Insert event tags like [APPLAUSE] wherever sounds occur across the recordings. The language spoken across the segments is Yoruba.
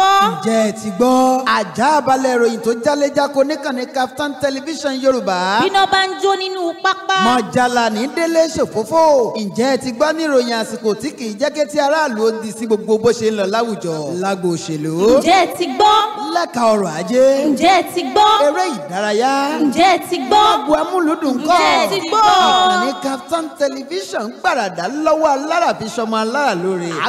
Bye! ǹjẹ́ ẹ ti gbọ́. àjà balẹ̀ ìròyìn tó jáléjáko níkànnì Kaftan television yorùbá. bíná bá ń jó nínú pápá. mọ̀jàlá ní délé ṣòfófó. ǹjẹ́ ẹ ti gbọ́ ní ìròyìn àsìkò tí kì í jẹ́ kí ti aráàlú ó di sí gbogbo bó ṣe ń lọ láwùjọ. lágbo òṣèlú. ǹjẹ́ ẹ ti gbọ́. lẹ́ka ọrọ̀ ajé. ǹjẹ́ ẹ ti gbọ́. eré ìdárayá. ǹjẹ́ ẹ ti gbọ́. agbo amúlùdùn kọ́. ǹjẹ́ ẹ ti gbọ́. television gbàràdà lọ́wọ́ alára fi ṣọmọ alára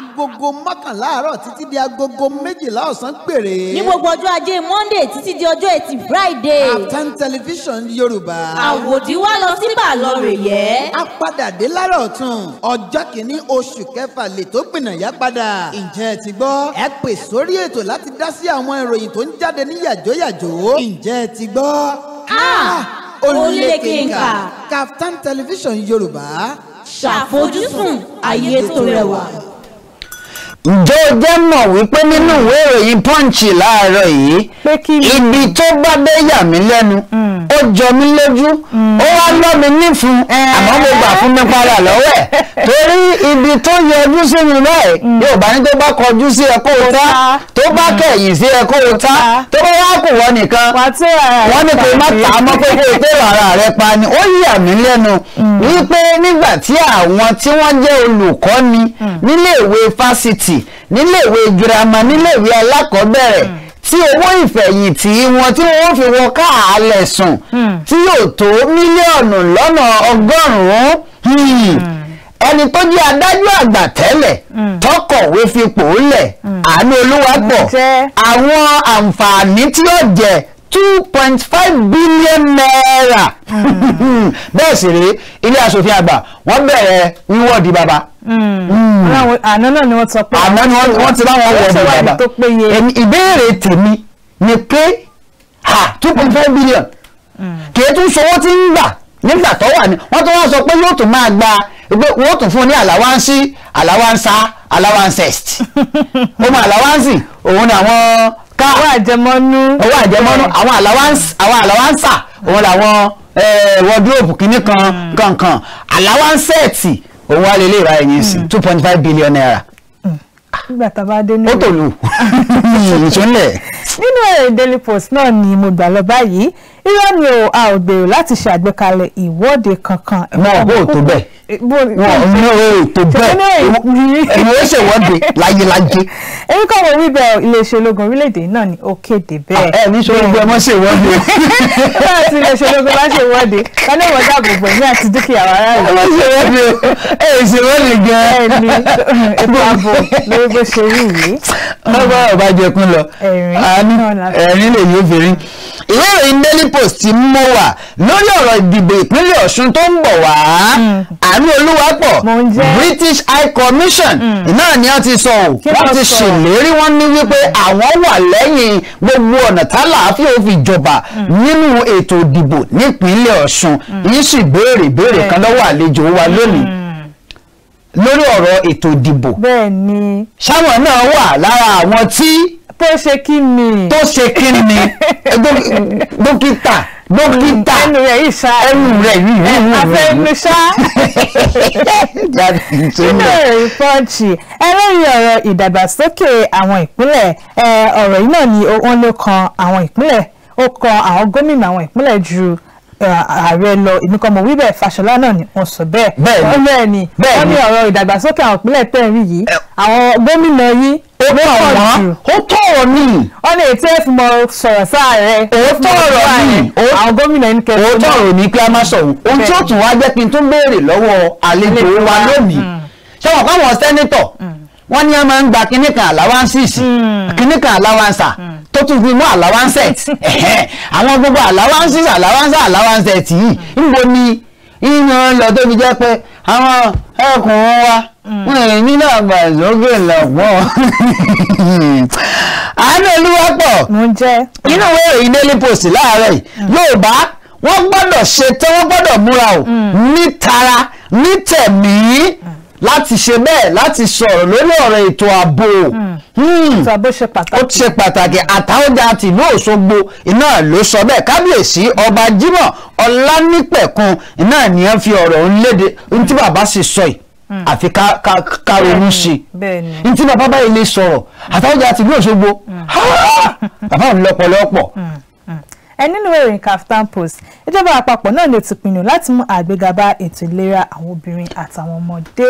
agogo mọ́kànlá àárọ̀ títí di agogo méjìlá ọ̀sán ọ̀sán péré. ní gbogbo ọjọ́ ajé monday títí di ọjọ́ ẹtì friday. Kaftan television yorùbá. àwòdì wa lọ sí bàlọ́rẹ̀ yẹ. a padà dé lára ọ̀tún ọjọ́ kìíní oṣù kẹfà lè tó gbìnà yá padà. ǹjẹ́ ẹ ti gbọ́? ẹ pè sórí ètò láti dá sí àwọn ìròyìn tó ń jáde ní yàjóyàjó. ǹjẹ́ ẹ ti gbọ́? olùlékèǹkà Kaftan television yorùbá. ṣàfojúsùn ayé tó rẹwà ǹjẹ́ o jẹ́ mọ̀ wípé nínú ìwé ìròyìn punch láàárọ̀ yìí ibi tó bá dé yà mí lẹ́nu hmm. ó jọ mí lójú hmm. ó wá lọ́ mi nífun eh. àmọ́ mo gbà fún mi padà lọ́wọ́ ẹ̀ [LAUGHS] torí ibi tó yọjú sí mi báyìí hmm. yóò bá ní tó bá kọjú sí ẹ kó o ta tó bá kẹ̀yìn sí ẹ kó o ta tó bá wá kù wọ́n nìkan wọ́n ní kò má tà á mọ́ pé kó o tẹ̀rọ ara rẹ pa ni ó yà mí lẹ́nu wípé nígbà tí àwọn tí wọ́n jẹ́ olùkọ́ni nílé ìwé fásitì níléèwé girama níléèwé alákọ̀ọ́bẹ̀rẹ̀ hmm. tí owó ìfẹ̀yìntì wọn tí wọ́n fi wọn káàálẹ̀ sùn hmm. tí yóò tó mílíọ̀nù lọ́nà ọgọ́rùn-ún hmm. ẹni tó jẹ́ adájọ́ àgbà tẹ́lẹ̀ tọkọ̀wé fipò ńlẹ̀ àánú olúwapọ̀ àwọn àǹfààní tí ó jẹ́ two point five billion naira hmm. bẹ́ẹ̀ sì rèé ilé asòfin àgbà wọ́n bẹ̀rẹ̀ wíwọ́ọ̀dì bàbá. Hmm. Hmm. àná náà ni wọ́n sọ pé àná ni wọ́n ti báwọn wọ̀ọ̀dì bàbá ìbéèrè tèmi ni pé two point five billion kì í tún sọwọ́ tí ń gbà nígbà tó wà ní wọ́n tó wá sọ pé yóò tún máa gba pé wọ́n tún fún un ní àláwáǹsì àláwáǹsà àláwáǹsẹ̀st ohun àláwáǹsì òun ni àwọn ká ọwọ́ àjẹmọ́nú ọwọ́ àjẹmọ́nú àwọn àlàwánsà òun làwọn wọdúróòpù kìíní kan hmm. kankan àlàwánsẹ́ẹ̀tì òun wà lélẹ̀ ìrà ẹ̀yìn sí hmm. two point five billion naira. Hmm. nígbà tá a bá dé nílùú ó tòlù [LAUGHS] ìṣúnlẹ̀. nínú Daily Post náà ni mo gbà lọ báyìí irọ́ ni o a ò gbèrò láti ṣàgbékalẹ̀ ìwọ́de kankan. wọn ò tó bẹ́ẹ̀ wọn ò tó bẹ́ẹ̀ èmi ó ṣèwọ́de láyélájé. èmi kọ́ mo wí bẹ́ẹ̀ iléeṣẹ́ ológun orílẹ̀-èdè náà ni ó kéde bẹ́ẹ̀. Ah, ẹ ní sọ wípé wọ́n ṣèwọ́de. bá a ti iléeṣẹ́ ológun bá ṣèwọ́de ká ní ìwọ́dà gbogbo ẹ̀mí àti dúkìá wa rárá. wọ́n ṣèwọ́de ẹ ẹ ṣèwọ́de gan-an. ẹ ní epo abo lórí bó ṣe rí yìí. ọgbà ọ̀bàjẹ́kùn lọ ẹ̀rín lè yóò fèrè ìwé ìròyìn daily post ti mú wà lórí ọ̀rọ̀ ìdìbò ìpínlẹ̀ ọ̀ṣun tó ń bọ̀ wá hmm. àánú olúwapọ̀ british high commission hmm. náà ni wọ́n ti sọ ò wọ́n ti ṣèlérí wọ́n ní wípé àwọn wà lẹ́yìn gbogbo ọ̀nà tálàáfíà ó fi jọba hmm. nínú ètò ìdìbò nípínlẹ̀ ọ̀ṣun yìí sì béèrè béèrè kan lọ́wọ́ àlejò wa lónìí lórí ọ̀rọ̀ ètò ìdìbò ṣáwọn náà wà lára àwọn tí tó ṣe kí ni. tó ṣe kí ni [LAUGHS] dókítà dókítà ẹnu rẹ yìí ṣá ẹnu rẹ yìí yìí afẹnu ṣá. [LAUGHS] nínú ìròyìn pọ́ǹchì ẹlẹ́yìn ọ̀rọ̀ ìdàgbàsókè àwọn ìpínlẹ̀ ọ̀rọ̀ yìí náà ni wọ́n ló kan àwọn ìpínlẹ̀ ó kan àwọn gómìnà àwọn ìpínlẹ̀ ju ààrẹ lọ èmi kan mọ̀ wíbẹ̀ Fàṣọlá náà ni wọ́n sọ bẹ́ẹ̀ bẹ́ẹ̀ ni wọ́n ní ọ̀rọ̀ ìdàgbàsókè àwọn ìpínlẹ̀ tẹ̀ ń yìí àwọn gómìnà yìí ó tọ̀ wọ́n ó tọ̀rọ̀ ni. ọ̀nà ètò ẹ̀fún mọ sọ̀rọ̀ sáà rẹ. ó tọ̀rọ̀ ni àwọn gómìnà ń kẹ́ ó tọ̀rọ̀ ni pé a máa sọ̀rọ̀ ohun tí ó tún wá jẹ́ kí n tún béèrè lọ́wọ́ àlejò wa lónìí hmm. ṣọwọ́n káwọn sẹ́nítọ̀ hmm. wọ́n ní a máa ń gba kíní kan allowances hmm. kíní kan allowance tó tún fi mọ́ allowance [LAUGHS] àwọn gbogbo allowances allowance allowance tì í níbo ni ìyàn lọ tó fi jẹ́ pé àwọn ẹkùn wa Mm. wọn ò ní dàgbà ìsókè lọ́pọ̀ àánú olúwapọ̀ inú ìwé ìròyìn daily post láàárọ̀ yìí mm. yorùbá wọ́n gbọ́dọ̀ ṣe tẹ́ wọ́n gbọ́dọ̀ múra o mm. ní tara ní tẹ̀mí láti ṣe bẹ́ẹ̀ láti sọ̀rọ̀ lórí ọ̀rọ̀ ètò ààbò hmm. ètò ààbò ṣe pàtàkì ó ṣe pàtàkì àtàwọ̀dà àti ìlú Òṣogbo iná ló sọ bẹ́ẹ̀ kábíyèsí ọba Jimoh Ọlánípẹ̀kun iná ni wọ́n fi ọ̀rọ̀ ń léde bàbá sì sọ yìí Hmm. àfi ká ronú sí i ntí bàbá báyìí lè sọ̀rọ̀ àtàwọn àti ìlú Òṣogbo hmm. bàbá mi lọ́pọ̀lọpọ̀. Hmm, ẹ nínú ìròyìn Kaftan Post ìjọba àpapọ̀ náà lè ti pinnu láti mú àgbéga bá ètò ìlera àwọn obìnrin àtàwọn ọmọdé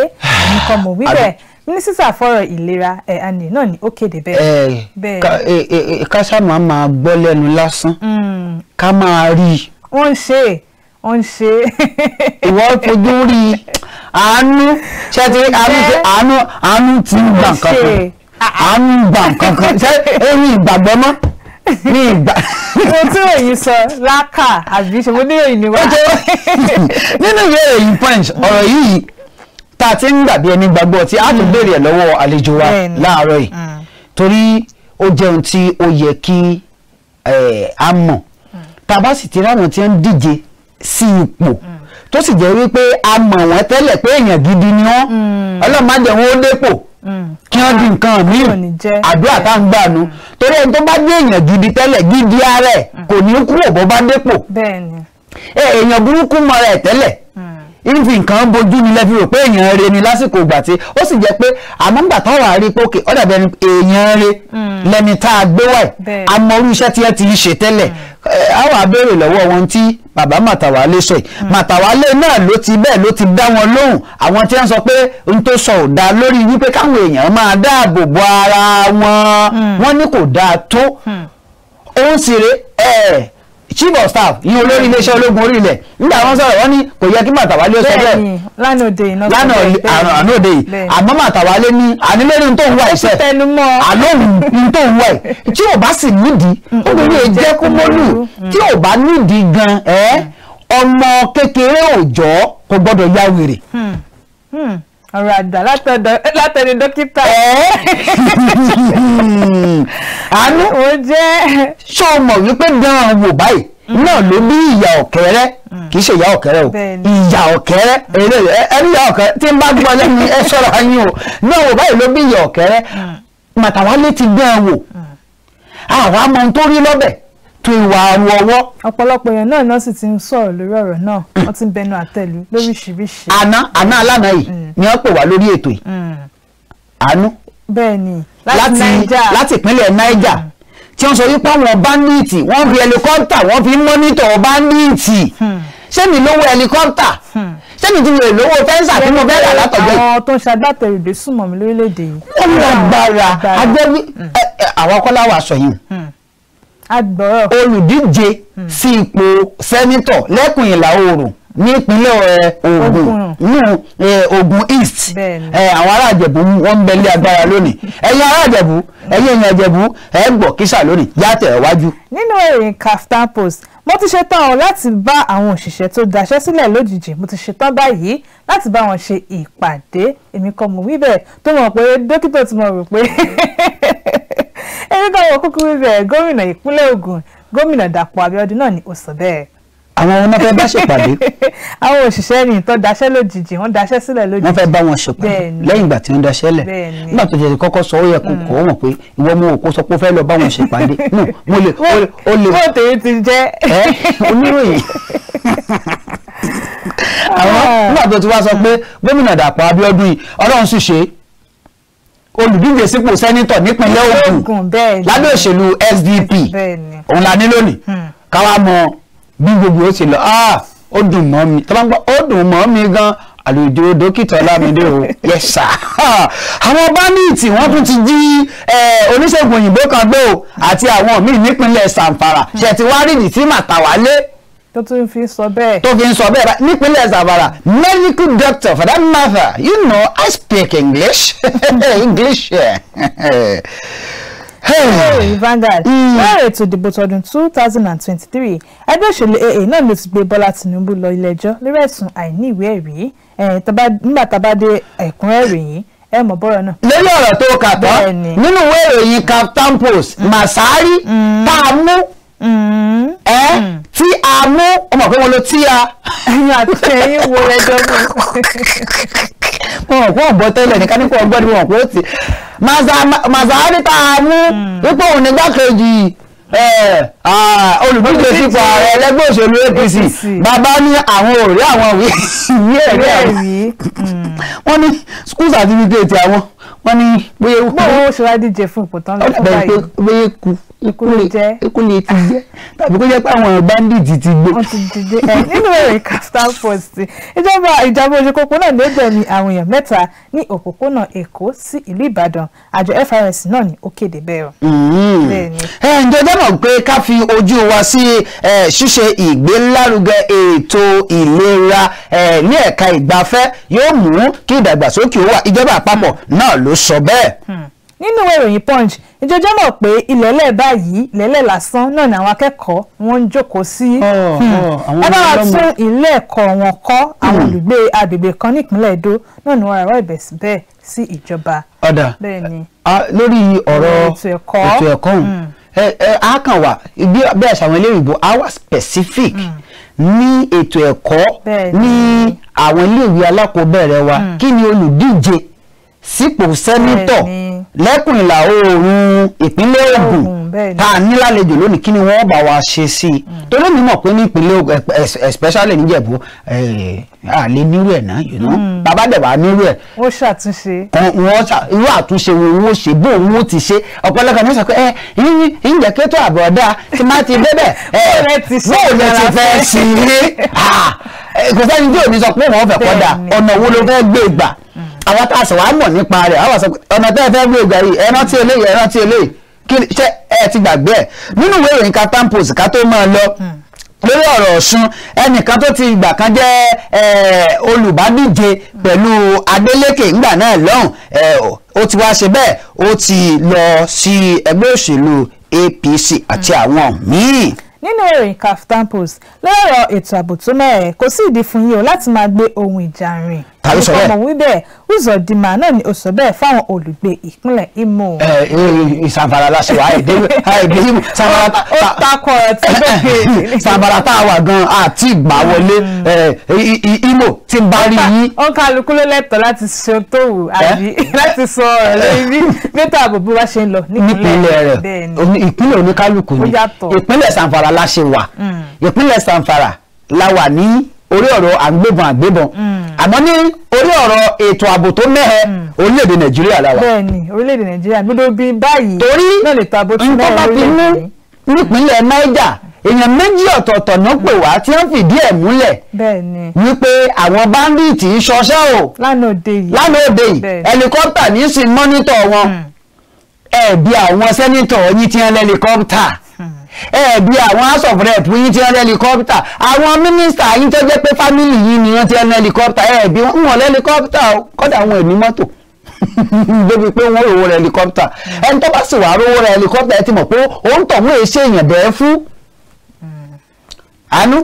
nǹkan mọ̀ wíbẹ̀ [SIGHS] mínísítà fọ́rọ̀ ìlera ẹ̀ eh, àní náà ni ó kéde bẹ́ẹ̀. Eh, ká eh, sáà máa gbọ́ lẹ́nu lásán ká máa rí i. wọ́n ń ṣe é ó ń ṣe. ìwọ fojú rí àánú ṣe ti àánú ṣe àánú àánú ti ń gbà nǹkan kan àánú ń gbà nǹkan kan ṣe èmi ìgbàgbọ́ mọ́ ní ìgbà. mo tí òyìn sọ lákà àbí ṣòwò ní òyìn wa. nínú ìbéèrè yìí punch ọ̀rọ̀ yìí tá a ti ń gbàgbé ẹni gbàgbọ́ tí a tún hmm. béèrè ẹ̀ lọ́wọ́ àlejò wa láàárọ̀ yìí hmm. torí ó jẹun tí ó yẹ kí a mọ̀ hmm. tá a bá sì ti ráwọn tí ń díje sí ipò tó sì jẹ́ wípé a mọ̀ wọ́n tẹ́lẹ̀ pé èèyàn gidi ni wọ́n mm. ọlọ́mọ àjẹwọ́n ó dépò mm. kí wọ́n di nǹkan míì àdúrà tá ń gbà nu mm. torí ẹni tó bá dé èèyàn gidi tẹ́lẹ̀ gidi ara ẹ̀ kò ní kúrò bó bá dépò èèyàn burúkú mọ́ra ẹ̀ tẹ́lẹ̀ ìfi nǹkan bojú ni lẹ́fi rò pé èèyàn re ni lásìkò ìgbà tí ó sì jẹ́ pé àmọ́ngbà táwọn àárí pé òkè èèyàn re hmm. lẹ́ni tá a gbé wáyé amọ̀rú iṣẹ́ tí ẹ ti ń ṣe tẹ́lẹ̀ àwọn hmm. abéèrè lọ́wọ́ wọn tí bàbá màtàwálé sọ yìí hmm. màtàwálé náà ló ti bẹ́ẹ̀ ló ti dá wọn lóhùn àwọn tí wọ́n sọ pé n tó sọ ò dáa lórí wípé káwọn èèyàn máa dáàbò bo ara wọn wọ́n ní kò dáa tó òun sì rè é chief of staff ní olórí iléeṣẹ́ ológun orí ilẹ̀ nígbà wọn sọ̀rọ̀ wọn ní kò yẹ kí Màtàwálé ó sọ bẹ́ẹ̀ lánàá òde yìí àmọ́ Màtàwálé ní ànílẹ́rì tó ń wá iṣẹ́ àlóhùn tó ń wá ẹ̀ tí ò bá sì nídìí obìnrin yẹn jẹ́ kó mọ́lù tí ò bá nídìí gan hmm. ọmọ kékeré òòjọ́ kò gbọ́dọ̀ yá wèrè. Hmm. Hmm ọ̀rọ̀ àdá látẹni dókítà. àánú [LAUGHS] ó jẹ́. ṣé o mọ̀ wípé gan-an wò báyìí mm. náà ló bí ìyá ọ̀kẹ́rẹ́ mm. kì í ṣe ìyá ọ̀kẹ́rẹ́ o ìyá ọ̀kẹ́rẹ́ ẹni ìyá ọ̀kẹ́rẹ́ tí n bá gbọ́ lẹ́nu ẹ sọ̀rọ̀ ayín o náà wò báyìí ló bí ìyá ọ̀kẹ́rẹ́ màtàwálé mm. ti gan-an wò àwa mọ ohun tó rí tó ìwà àrùn ọwọ́. ọ̀pọ̀lọpọ̀ èèyàn náà náà sì ti ń sọ̀rọ̀ lórí ọ̀rọ̀ náà wọ́n ti ń bẹnu àtẹ́lu lóríṣiríṣi. àná àná alánà yìí mm. ni wọ́n pè wá lórí ètò yìí mm. àánú. bẹ́ẹ̀ni láti Niger láti ìpínlẹ̀ Niger mm. tí wọ́n sọ wípé àwọn báńdíìtì wọ́n fi ẹlikọ́pítà wọ́n fi ń mọ́nítọ̀ báńdíìtì sẹ́mi lówó ẹlikọ́pítà sẹ́mi ti wèrè lówó fẹ́ǹsà tí mo fẹ́ rà látọ̀jọ́ yìí. àwọn tó ń ṣagbátẹrù dé sùnmọ̀ mi lórílẹ̀‐èdè yìí. wọ́n lágbára àjẹwí àwọn kọ́lá wàá sọ yìí olùdíje hmm. sí ipò sẹ́nítọ̀ lẹ́kùn ìlà oòrùn nípínlẹ̀ Ògùn inú Ògùn East àwọn ará àjẹ̀bú wọ́n ń bẹ ilé agbára lónìí ẹ̀yin ará àjẹ̀bú ẹ̀yin èèyàn àjẹ̀bú ẹ̀ gbọ́ kíṣà lónìí yàtẹ̀ ẹ̀ wájú. nínú ìròyìn Kaftan Post mo ti ṣetán o láti bá àwọn òṣìṣẹ́ tó daṣẹ́ sílẹ̀ lójijì mo ti ṣetán báyìí láti bá wọn ṣe ìpàdé èmi kọ́ mo wí bẹ́ẹ̀ tó mọ̀ pé dókítà tí mo rò pé [LAUGHS] káwọ kúkú wíwẹ̀ gómìnà ìpínlẹ̀ Ògùn gómìnà Dàpọ̀ Abíọ́dún náà ni ó sọ bẹ́ẹ̀ àwọn ọmọ fẹ́ bá ṣèpàdé. [LAUGHS] àwọn òṣìṣẹ́ ni tó daṣẹ́ lójijì wọ́n daṣẹ́ sílẹ̀ lójijì. wọ́n fẹ́ bá wọn ṣèpàdé lẹ́yìn ìgbà tí wọ́n daṣẹ́ lẹ̀ nígbà tó ṣẹ̀ṣẹ̀ kọ́kọ́ sọ ó yẹ kó kọ́ wọn pé ìwọ mo kó sọ pé ó fẹ́ lọ bá wọn ṣèpàdé [LAUGHS] nù mo lè o lè. bó tèmi ti jẹ́. ẹ oníròyìn [LAUGHS] àwọn nígbà tó ti wá sọ pé gómìnà Dàpọ̀ Abíọ́dún yìí Ọlọ́run sì ṣe é olùdíje sípò sẹ́nítọ̀ nípínlẹ̀ Ògùn lábẹ́ òṣèlú SDP òun la ní lónìí hmm. káwa mọ bí gbogbo ó ṣe lọ ah, ó dùn mọ́ mi tó bá ń gbọ́ ó dùn mọ́ mi gan àlùjọ dókítà Ọlámídé o [LAUGHS] yes sir [LAUGHS] àwọn bámíìtì wọ́n tún ti jí oníṣègùn òyìnbó kan gbé o àti àwọn míì nípínlẹ̀ Sàǹfàrà ṣe ti wá rídìí tí màtàwálé tó tún fi sọ bẹ́ẹ̀. tó fi ń sọ bẹ́ẹ̀ nípínlẹ̀ Zamfara medical doctor for that matter you know I speak English [LAUGHS] English. [SIGHS] Hey, Vanguard lọ́rọ̀ mm. ètò ìdìbò tọdún two thousand and twenty-three ẹgbẹ́ òṣèlú AA náà ló ti gbé Bọ́lá Tinubu lọ ilé-ẹjọ́ lórí ẹ̀sùn àìní ìwé ẹ̀rí nígbà tá a bá dé ẹ̀kúnrẹ́rẹ́ yìí ẹ mọ̀ bọ́rọ̀ náà. lórí ọ̀rọ̀ tó kà tán nínú ìwé ìròyìn Captain Post mm. Masari mm. tá a mú Mm-hmm. ẹ tí a mú ọmọ pé wọn lo tí a. ẹyin àtẹ̀yìn wo ẹjọ́ mi. wọn kò bọ́ tẹ́lẹ̀ ní kánípọ̀ ọgbọ́n ni wọn kò tí. màzáà ní tá a mú mm. wípé òun nígbàkejì olùdíje sípò ààrẹ ẹlẹgbẹ́ òṣèlú APC bàbá ní àwọn òré àwọn ìwé ẹ̀rí ẹ̀rí mm. wọ́n ní school certificate àwọn wọ́n ní bóyá kú. bóyá ó ṣe wá díje fún ipò tán lọ́kọ́ báyìí. bóyá kú ikú lè jẹ́ ikú lè ti jẹ́ tàbí kó jẹ́ pé àwọn bandits ti gbé. wọ́n ti dìde ẹ nínú èrè Capital Post ìjọba ìjàmbá ojú pópó náà ló gbẹ̀mí àwọn èèyàn mẹ́ta ní òpópónà Èkó sí ìlú Ìbàdàn àjọ FRS náà ni ó kéde bẹ́ẹ̀ o. Mm-hmm. ẹ ǹjẹ́ dábọ̀ pé ká fi ojú wa sí ṣíṣe ìgbélárugẹ ètò ìlera ní ẹ̀ka ìgbafẹ́ yóò mú kí ìdàgbàsókè wà ìjọba àpapọ̀ náà ló sọ bẹ́ẹ̀. Hmm nínú ìwé ìròyìn punch ìjọjọ́ mọ̀ pé ilẹ̀lẹ̀ báyìí ilẹ̀lẹ̀ lásán náà ni àwọn akẹ́kọ̀ọ́ wọn ń jókòó sí hmm. ẹ bá wa tún ilé ẹ̀kọ́ wọn kọ́ àwọn hmm. olùgbé agbègbè kan nípínlẹ̀ Èdò náà ni wọ́n rawọ́ ẹ̀bẹ̀ bẹ́ẹ̀ sí ìjọba. ọ̀dà lórí ọ̀rọ̀ ètò ẹ̀kọ́ hmm. a kàn wà bí àṣà àwọn eléyìnbó a wà specific ní ètò ẹ̀kọ́ ní àwọn iléèwé alákọ̀ọ́bẹ̀rẹ̀ wa kí ni olùdíje sípò sẹ́nítọ̀ lẹ́kùn ìlà oòrùn ìpínlẹ̀ Ògùn tá a ní lálejò lónìí kí ni wọ́n bá wa ṣe sí i mm. torí mi mọ̀ pé ní ìpínlẹ̀ Ògùn especially níjẹ̀bú àlè nírú ẹ̀ náà yìí náà mm. bàbá dẹ̀ wá nírú ẹ̀. ó ṣàtúnṣe. wọ́n ṣà irú àtúnṣe wo wọ́n ṣe bó wọ́n ti ṣe ọ̀pọ̀lọpọ̀ ní sọ pé ẹ ń jẹ́ kí ètò àbọ̀dá tí má ti débẹ̀ ẹ bóun lè ti fẹ́ ṣe é ah, kò sẹ́ni tí ò ní sọ pé wọ́n fẹ́ kọ́ da ọ̀nà wo ló fẹ́ gbé gbà àwọn tá a sọ wàá mọ̀ nípa rẹ̀ àwọn sọ pé ọ̀nà tẹ́ ẹ fẹ́ gbé ìgbà yìí ẹ rántí eléyìí ẹ rántí eléyìí kí ṣe ẹ ti gbàgbé ẹ̀ nínú ìwé ìròyìn Kaftan Post ká tó máa lọ hmm. lórí ọ̀rọ̀ ọ̀ṣun ẹnìkan tó ti ìgbà kan jẹ́ olùbádíje pẹ̀lú Adeleke ńgbà náà lọ́hùn ó ti wá ṣe bẹ́ẹ̀ ó ti lọ sí ẹgbẹ́ òṣèlú APC àti hmm. àwọn míì nínú ìròyìn Kaftan Post lọ́rọ̀ ètò ààbò tó mẹ́rẹ̀ kò sí ìdí fún yín o láti máa gbé ohun ìjà rìn tàbí sọ bẹ́ẹ̀ ọmọ wíbẹ̀ Uzodinma náà ni ó sọ bẹ́ẹ̀ fáwọn olùgbé ìpínlẹ̀ Imo. ẹ ẹ ìsànfàrà lásìkò àìdè àìdè sànfàrà tá ó takọ ẹtí bẹ́ẹ̀ sànfàrà tá a wà gan àti ìgbà wọlé Imo ti bá rí yín. ó ń kálukú ló lẹ́tọ̀ọ́ láti ṣe tó wù àbí [LAUGHS] láti sọ ọ̀rọ̀ lórí bí mẹ́tà àbòbí wa ṣe ń lọ nípínlẹ̀ rẹ̀ bẹ́ẹ̀ ni ìpínlẹ̀ oníkálukú ni ìpínlẹ̀ sànfàrà wa la ṣe wà mm. ìpínlẹ̀ sanfara la wà ní orí ọ̀rọ̀ àgbébọn àgbébọn mm. àmọ́ ní orí ọ̀rọ̀ ètò ààbò tó mẹ́hẹ mm. orílẹ̀-èdè nàìjíríà la wà. bẹ́ẹ̀ni orílẹ̀-èdè nàìjíríà gbọ́dọ̀ bí báyìí náà lè tàbó tí wọn bá fi mú nípínlẹ̀ niger èèyàn méjì ọ̀tọ̀ọ̀tọ̀ náà pè wá tí wọ́n fìdí ẹ̀ múlẹ̀ wípé àwọn báńdíìtì ń ṣọṣẹ́ o lánàá òde yìí ẹlikọ́pítà ní í sin mọ́nítọ̀ wọn ẹ̀ẹ́dì àwọn sẹ́nitọ̀ yìí ti ń lẹ́likọ́pítà ẹ̀ẹ́dì àwọn house of rep yín ti rán helicopter àwọn mínísítà yín tó jẹ́ pé fámìlì yín ni wọ́n ti rán helicopter ẹ̀ẹ́dì wọ́n wọ̀n helicopter kọ́dà àwọn ẹ̀mí mọ́tò [LAUGHS] débi pé wọ́n rówó rẹ̀ helicopter ẹni tó bá sì wà rówó rẹ̀ helicopter ẹ ti mọ̀ pé òun tọ̀ wọ́n èsì èèyàn bẹ́ẹ̀ fún àánú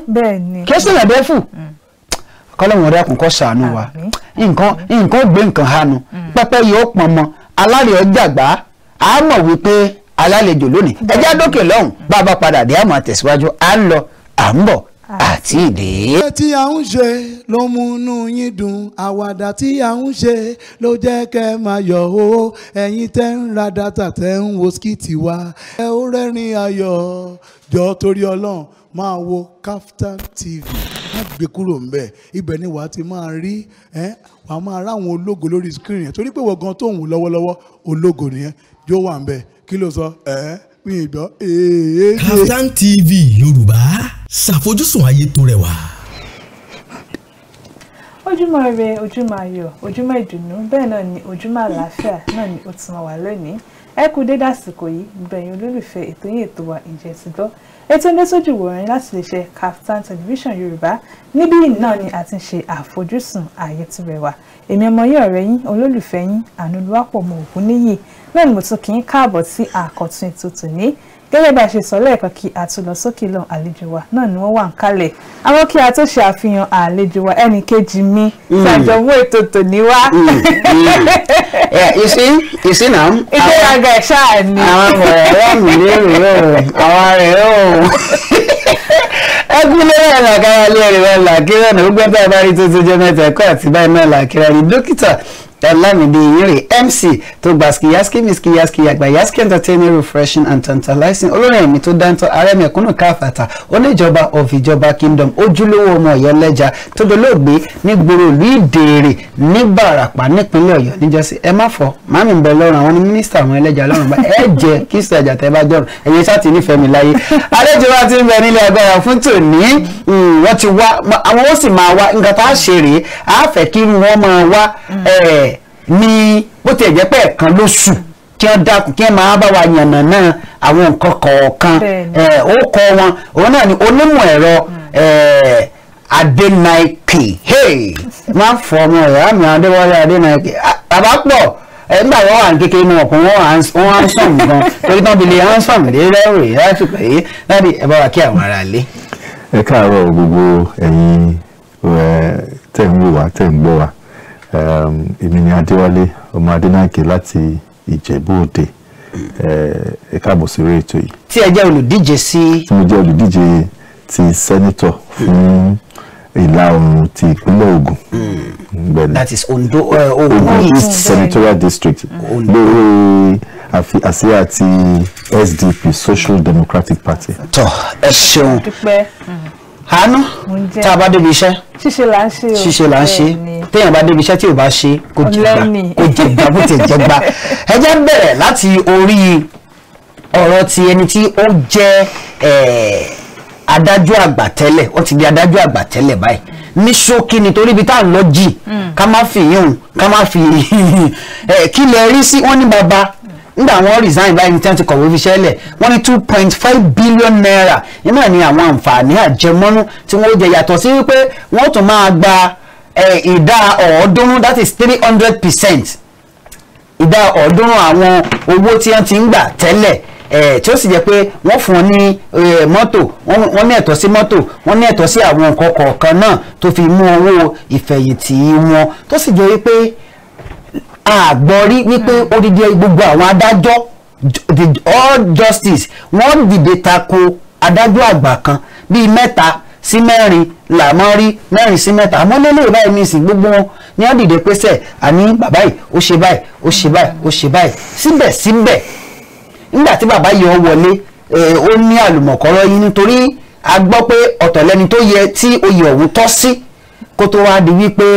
kéésì èèyàn bẹ́ẹ̀ fún kọ́lọ́wọ́n rẹ̀ kún kọ́ sàánú wa nǹkan nǹkan gbé nǹkan hanu mm. pẹ́pẹ́ yóò pọn mọ́ alárè ọjà gbà á mọ̀ wípé alálejò lónìí ẹjẹ́ àdókè lọ́hùn bá a bá padà dé àmọ́ àtẹ̀síwájú à ń lọ à ń bọ̀ àti ìdè. iṣẹ́ tí a ń ṣe ló mú inú yín dùn àwàdà tí a ń ṣe ló jẹ́ kẹ́ ẹ máa yọ̀ o ẹ̀yin tẹ́ ń ra dátà tẹ́ ń wo skìtì wa ẹ ó rẹ́rìn ayọ̀ jọ torí ọlọ́run máa wo Kaftan TV má gbé kúrò ńbẹ ibẹ̀ ni wàá ti máa rí ẹ wàá máa ráwọn ológo lórí screen yẹn torí pé wọ́n gan tó ológo nìyẹn jó wà ńbẹ kí ló sọ ẹ mi ì gbọ́ Captain TV Yorùbá ṣàfojúsùn ayé tó rẹwà. ojúmọ́ ire ojúmọ́ ayọ̀ ojúmọ́ ìdùnnú bẹ́ẹ̀ náà ni ojúmọ́ àlàáfíà náà ni ó ti máa wà lónìí ẹ kú dédé àsìkò yìí gbẹ̀yìn olólùfẹ́ ètò yìí ètò wa ǹjẹ́ ti gbọ́ ètò létójú wòran láti lè ṣe Kaftan television yorùbá níbí náà ni a ti ń ṣe àfojúsùn ààyè tirẹ̀ wà èmi ọmọ yìí ọ̀rẹ́ yín olólùfẹ́ yín ànúlùwàpọ̀ mọ̀ ògún níyì náà ni mo tún kí n káàbọ̀ sí àkọ́tún tuntun ní gẹ́gẹ́ bá a ṣe sọ lẹ́ẹ̀kan kí a lọ àlejò wa náà ni wọ́n wà ń kalẹ̀ àwọn kí a tó ṣe àfihàn àlejò wa ẹnì kejì mi mm. ṣàjọ mú ètò tòní wá. ìsí ìsí náà. ìgbéraga ẹ̀ ṣáà ni. àwọn ọ̀rẹ́ wà mí lérò rẹ̀ àwọn rẹ̀ ó. ẹgúnlẹ̀ rẹ̀ làkàrà lé rẹ̀ làkìrẹ̀ ní gbẹ́ntà bá rí tuntun jẹ́ mẹ́ta ẹ̀kọ́ àti báyìí náà làkìrẹ̀ ní dókítà Olamide Iyinre MC tó gba skiyaski miskiyaski yaski entertaining refreshing and tantalizing olórin ẹ̀mí tó dáńtọ́ arẹ́mi ẹ̀kúnnù káfàtà oníjọba of ìjọba kingdom ojúlówó ọmọ ọ̀yọ́ lẹ́jà tó dolóògbé ní gbòòrò ìlú ìdèrè ní bàràpá nípínlẹ̀ ọ̀yọ́ níjọ́sí ẹ má fọ màmí ń bẹ lọ́rùn àwọn mínísítà àwọn ẹlẹ́jà lọ́rùn bá ẹ jẹ kí sọ ẹ̀jà tẹ́ bá jọ̀rùn ẹ̀yẹ sáti nífẹ̀ẹ́ mi láyé àlejò wa ti ń bẹ nílé agbára fún tòní hmm, wọ́n ti wá àwọn ó sì máa wá nǹkan tá a ṣe rèé àáfẹ́ ní bó tiẹ̀ jẹ́ pé ẹ̀kan lóṣù kí wọ́n dákun kí wọ́n máa bá wa yànnà náà àwọn nǹkan kọ̀ọ̀kan ó kọ́ wọn òun náà ni onímọ̀ ẹ̀rọ hmm. Adénaike máa ń fọ ọmọ rẹ̀ àmì Adéwálé Adénaike bàbá pọ̀ nígbà wọn wà kékeré náà kún wọn handsome gan [LAUGHS] torí tán bilẹ̀ handsome lé lẹ́rù yìí lásìkò yìí láti ẹ bá wa kí àwọn ará lé. ẹ káàárọ̀ gbogbo ẹ̀yin tẹ̀ ń wò wá tẹ̀ ń gbọ́ wá èmi ni adéwálé ọmọ adénáìkè láti ìjẹ̀bú òde ẹ káàbọ̀ ètò yìí. tí ẹ jẹ́ olùdíje sí. tí mo jẹ́ olùdíje ti sẹ́nítọ̀ fún ìlà oòrùn ti ìpínlẹ̀ Ògùn. Hmm. that is Ondo uh, Ogun East Senatorial District lórí àsíá ti SDP Social Democratic Party. tọ́ ẹ ṣeun àánú tá a bá débi iṣẹ́ ṣíṣe là ń ṣe ṣíṣe là ń ṣe téèyàn bá débi iṣẹ́ tí ò bá ṣe kò jẹgba kò jẹgba kò tẹ̀ jẹgba [LAUGHS] ẹ jẹ́ bẹ̀rẹ̀ láti orí ọ̀rọ̀ ti ẹni tí ó jẹ́ adájọ́ àgbà tẹ́lẹ̀ ó ti di adájọ́ àgbà tẹ́lẹ̀ báyìí ní ṣókí nítorí ibi tá à ń lọ jì hmm. ká má fi yún ká má fi [LAUGHS] kí lè rí sí wọn ní baba nígbà wọn resign báyìí ní tẹ́ǹtì kọ̀wé fi ṣẹlẹ̀ wọ́n ní two point five billion naira iná ní àwọn àǹfààní àjẹmọ́nú tí wọ́n jẹ yàtọ̀ sí wípé wọ́n tún máa gba ìdá ọ̀ọ́dúnrún that is three hundred percent ìdá ọ̀ọ́dúnrún àwọn owó tí wọ́n ti ń gbà tẹ́lẹ̀ tí ó sì jẹ́ pé wọ́n fún wọn ní mọ́tò wọ́n ní ẹ̀tọ́ sí mọ́tò wọ́n ní ẹ̀tọ́ sí àwọn nǹkan kọ̀ọ̀kan náà tó fi mú owó ìfẹ̀yìntì wọn tó sì jẹ́ wípé àgbọ̀rí wípé hmm. odidi gbogbo àwọn adájọ́ all justice wọ́n dìde tako adájọ́ àgbà kan bíi mẹ́ta sí mẹ́rin làmọ́ rí mẹ́rin sí mẹ́ta àmọ́ lélẹ̀ báyìí nísìn gbogbo wọn ni wọ́n dìde pèsè àní bàbá yìí ó ṣe báyìí ó ṣe báyìí ó ṣe báyìí síbẹ̀síbẹ̀ nígbà tí bàbá yìí ọ wọlé ó ní àlùmọ̀kọ́rọ́ yìí nítorí a gbọ́ pé ọ̀tọ̀ lẹni tó yẹ tí oyè ọ̀hún tọ́ sí kó tó wá di wípé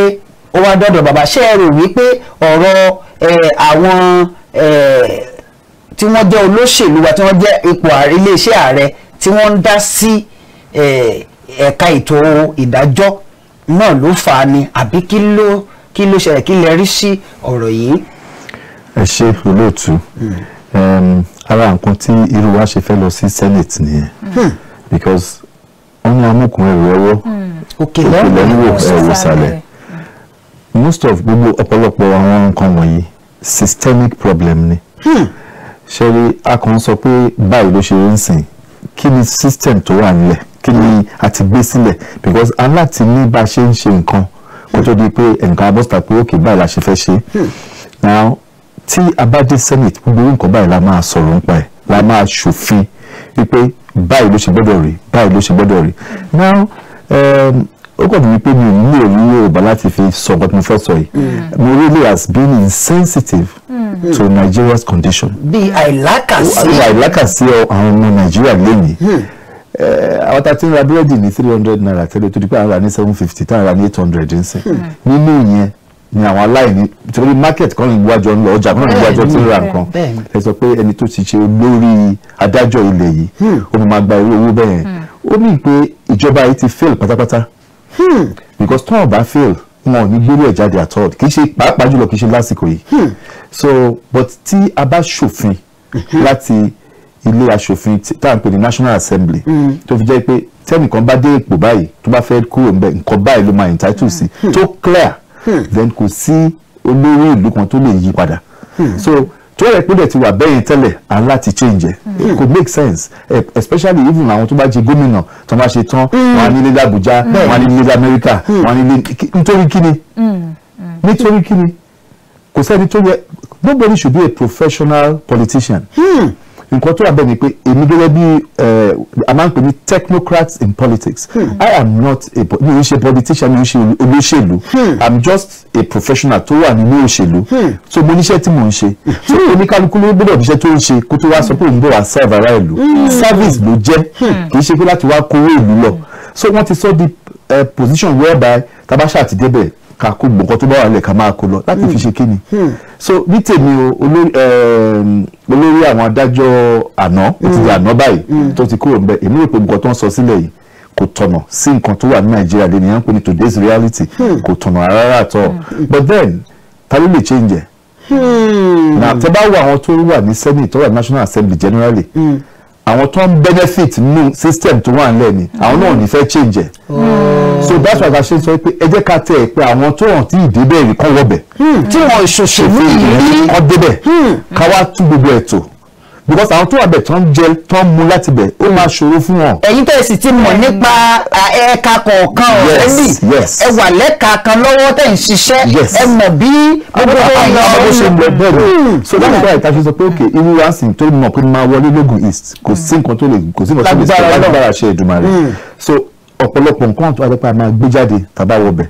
ó wá dọ́dọ̀ bàbá ṣé ẹ rò wípé ọ̀rọ̀ àwọn tí wọ́n jẹ́ olóṣèlú wa tí wọ́n jẹ́ ipò iléeṣẹ́ ààrẹ tí wọ́n ń dá sí ẹ̀ka ètò ìdájọ́ náà ló fà á ni àbí kí ló kí ló ṣẹlẹ̀ kí lẹ rí sí ọ̀rọ̀ yìí. ẹ ṣe olóòtú ara nǹkan tí irú wa ṣe fẹ́ lọ sí senate nìyẹn hmm. because wọ́n ní amúkùn ẹrù ọwọ́ hmm. òkè lẹ́nu ẹ̀wò sàlẹ̀ most of gbogbo ọ̀pọ̀lọpọ̀ àwọn nǹkan wọ̀nyí systemic problem ni hmm. ṣe rí a kàn sọ pé báyìí ló ṣe ń sìn kí ni system tó wà nílẹ̀ kí ni a ti gbé sílẹ̀ because aláti ní bá a ṣe ń ṣe nǹkan kó tó di pé nǹkan abọ́sítà pé òkè báyìí la ṣe fẹ́ ṣe hmm. now tí a bá dé senate gbogbo nǹkan báyìí la máa sọ̀rọ̀ nípa ẹ̀ la máa ṣòfin wípé báyìí ló ṣe gbọ́dọ̀ rí báyìí ló ṣe gbọ́dọ̀ rí now um, ó kàn ní pé mi ò nílò ní Yorùbá láti fi sọ nǹkan tí mo fẹ́ sọ yìí mm. mo really has been insensitive mm. to Nigeria's condition. bí àìlákàsí bí àìlákàsí àwọn ọmọ Nàìjíríà lẹ́yìn hmm. eh, àwọn tá a ti ń ra búrẹ́dì ní three hundred naira tẹ́lẹ̀ tó di pé à ń ra ní seven fifty tá à ń ra ní eight hundred ń sìn hmm. nínú ìyẹn ni àwọn aláìní torí market kan ní iwájú ọ̀nà ọjà kan ní iwájú tí ń ra nǹkan ẹ sọ pé ẹni tó ti ṣe olórí adájọ́ ilẹ̀ yìí hmm. ó máa gba owó bẹ́ẹ̀ ó mì pé ìjọba yìí ti fail pátápátá. Hmm. because tọ́wọ̀n bá fail wọn ò ní gbórí ẹ̀ jáde at all kì í ṣe pàápàá jùlọ kì í ṣe lásìkò yìí hmm. so but tí a bá ṣòfin mm-hmm. láti ilé aṣòfin tá à ń pè ní National Assembly hmm. tó fi jẹ́ pé tẹ́nìkan bá dé ipò báyìí tó bá fẹ́ kúrò níbẹ̀ nǹkan báyìí ló máa entitle sí tó clear then kò sí olórí ìlú kan tó lè yí padà so tó yẹ pé dẹ̀ ti wà bẹ́ẹ̀ yẹn tẹ́lẹ̀ à ń láti change ẹ̀ it hmm. could make sense especially even àwọn tó bá jẹ gómìnà tó bá ṣe tán hmm. wọn á ní ilé l'Abuja hmm. wọn á ní ilé l'Amẹ́ríkà wọn ní ilé nítorí kíni nítorí kíni kò sẹ́ni tó yẹ nobody should be a professional politician. Hmm nǹkan tó wà bẹ́ẹ̀ ni pé èmi gẹ́gẹ́ bí eh, a máa ń pè ní technocrats in politics hmm. I am not a mi ò ṣe politician mi ò ṣe olóṣèlú I am hmm. just a professional tó wà nínú òṣèlú hmm. so mo níṣẹ́ tí mò ń ṣe so oníkálukú ló gbọ́dọ̀ níṣẹ́ tó ń ṣe kó tó wá sọ pé òun bọ̀ wá serve ara ìlú service ló jẹ́ kì í ṣe pé láti wá kówó ìlú lọ so wọ́n ti sọ di eh, position whereby tabasha ti débẹ̀ ká kó gbọ̀ngàn tó bá wà lẹ̀ ká máa kó lọ láti fi hmm. ṣe kíni. Hmm. so ní tèmi o ehm, olórí àwọn adájọ́ àná ó ti di hmm. àná báyìí tó ti kúrò ń èmi rò pé nǹkan tó ń sọ sílẹ̀ yìí kò tọ̀nà sí nǹkan tó wà ní nàìjíríà lè nìyẹn ń ní today's reality kò tọ̀nà rárá àtọ̀ but then ta ló lè change ẹ̀. na tẹ bá wo àwọn tó wà ní senate tó wà national assembly generally. Mm àwọn tó ń benefit nínú system tó wà nílẹ̀ ni àwọn náà ní change ẹ̀ hmm. so that's why i ṣe sọ pé ẹ jẹ́ ká tẹ̀ ẹ́ pé àwọn tó hàn tí ìdébẹ̀ rí kọ́ wọ̀bẹ̀ tí wọ́n ìṣòṣèlú yìí rí kọ́ débẹ̀ hmm. ká wá tún gbogbo ètò because àwọn tó wà bẹ̀ tó ń jẹ tó ń mu láti bẹ̀ ó máa ṣòro fún wọn. ẹ̀yin tẹ́ ẹ sì ti mọ̀ nípa ẹ̀ka kọ̀ọ̀kan ọ̀rẹ́lì ẹ wà lẹ́ka kan lọ́wọ́ tẹ̀ ń ṣiṣẹ́ ẹ mọ̀ bí gbogbo àwọn ọmọ ṣe lọ bẹ̀rẹ̀ hmm. so that's why ìta ṣe sọ pé ok irú ránṣì tó mọ̀ pé máa wọlé lógun east kò sí nǹkan tó lè kò sí nǹkan tó lè sọ lágbára ṣe Èdùmàrè hmm. so ọ̀pọ̀lọpọ̀ nǹkan tó wà pé a máa gbé jáde tàbá wọbẹ̀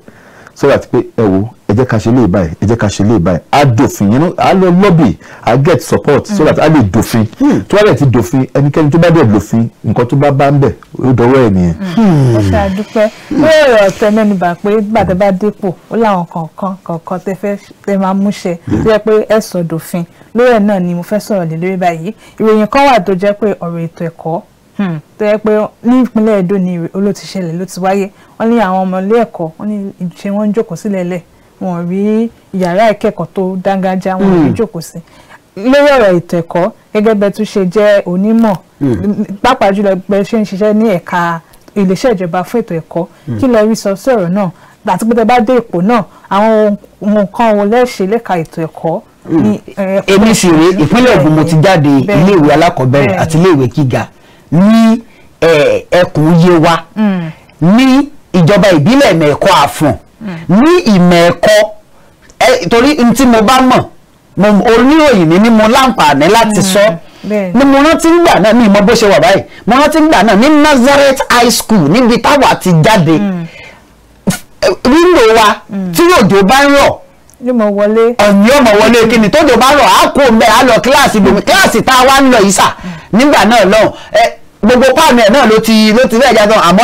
sọ́dọ̀ àti pé ẹ wo ẹ jẹ́ ká ṣe lè báyìí ẹ jẹ́ ká ṣe lè báyìí á dòfin yẹn á lọ lọ́bì á get support so that á lè dòfin hmm. tó bá dẹ̀ ti dòfin ẹnikẹ́ni tó bá dẹ̀ lòfin nǹkan tó bá bá ń bẹ̀ ó dọwọ́ ẹ̀ nìyẹn. Hmm. ó ṣàdúpẹ́ lórí ọ̀rọ̀ tẹ mẹ́nubà pé gbàtẹ́ bá dépò ó láwọn kọ̀ọ̀kan kọ̀ọ̀kan tẹ fẹ́ tẹ máa múṣẹ tó yẹ pé ẹ sọ dòfin lórí ẹ̀ náà ni mo fẹ́ sọ̀rọ̀ lé lórí báyìí ìròyìn kan wà tó jẹ́ pé ọ̀rọ̀ ètò ẹ̀kọ́ Hmm. tó yẹ pé ní ìpínlẹ̀ Edo ni ló ti ṣẹlẹ̀ ló ti wáyé wọ́n ní àwọn ọmọ ilé ẹ̀kọ́ wọ́n ní ṣe wọ́n jókòó sílẹ̀ lẹ̀ wọ́n rí yàrá ìkẹ́kọ̀ọ́ tó dángájá wọ́n rí hmm. jókòó sí lórí ọ̀rọ̀ ètò ẹ̀kọ́ gẹ́gẹ́ bẹ́ẹ̀ tún ṣe jẹ́ onímọ̀ hmm. pàápàá jùlọ bẹ́ẹ̀ ṣe ń ṣiṣẹ́ ní ẹ̀ka iléeṣẹ́ ìjọba fún ètò ẹ̀kọ́ kí lẹ rí sọ sí ọ̀rọ̀ náà àti pé tẹ bá dé ipò náà àwọn nǹkan wo lẹ́ẹ̀ṣẹ̀ lẹ́ka ètò ẹ̀kọ́ eh, èmi sì rèé ìpínlẹ̀ Ògùn mo ti jáde iléèwé alákọ̀ọ́bẹ̀rẹ̀ àti iléèwé gíga ní ẹkùn Yewa hmm. ní ìjọba ìbílẹ̀ ìmọ̀ ẹ̀kọ́ àfọ̀n hmm. ní ìmọ̀ ẹ̀kọ́ torí tí mo bá mọ̀ oníròyìn ni mo láǹfààní láti hmm. sọ ni mo rántí ngbà náà ní ìmọ̀ bó ṣe wà báyìí mo rántí ngbà náà ní Nazareth High School níbi táwa ti jáde wíńdò wa tí òjò bá ń rọ̀ ọ̀nì yóò wọlé kí ni tójò bá rọ̀ á kó mbẹ́ á lọ kíláàsì gbòmí kíláàsì tá a wá ń lọ yìí sà nígbà náà lọ́hùn gbogbo páànù ẹ̀ náà ló ti ló ti bẹ́ẹ̀ jáde àmọ́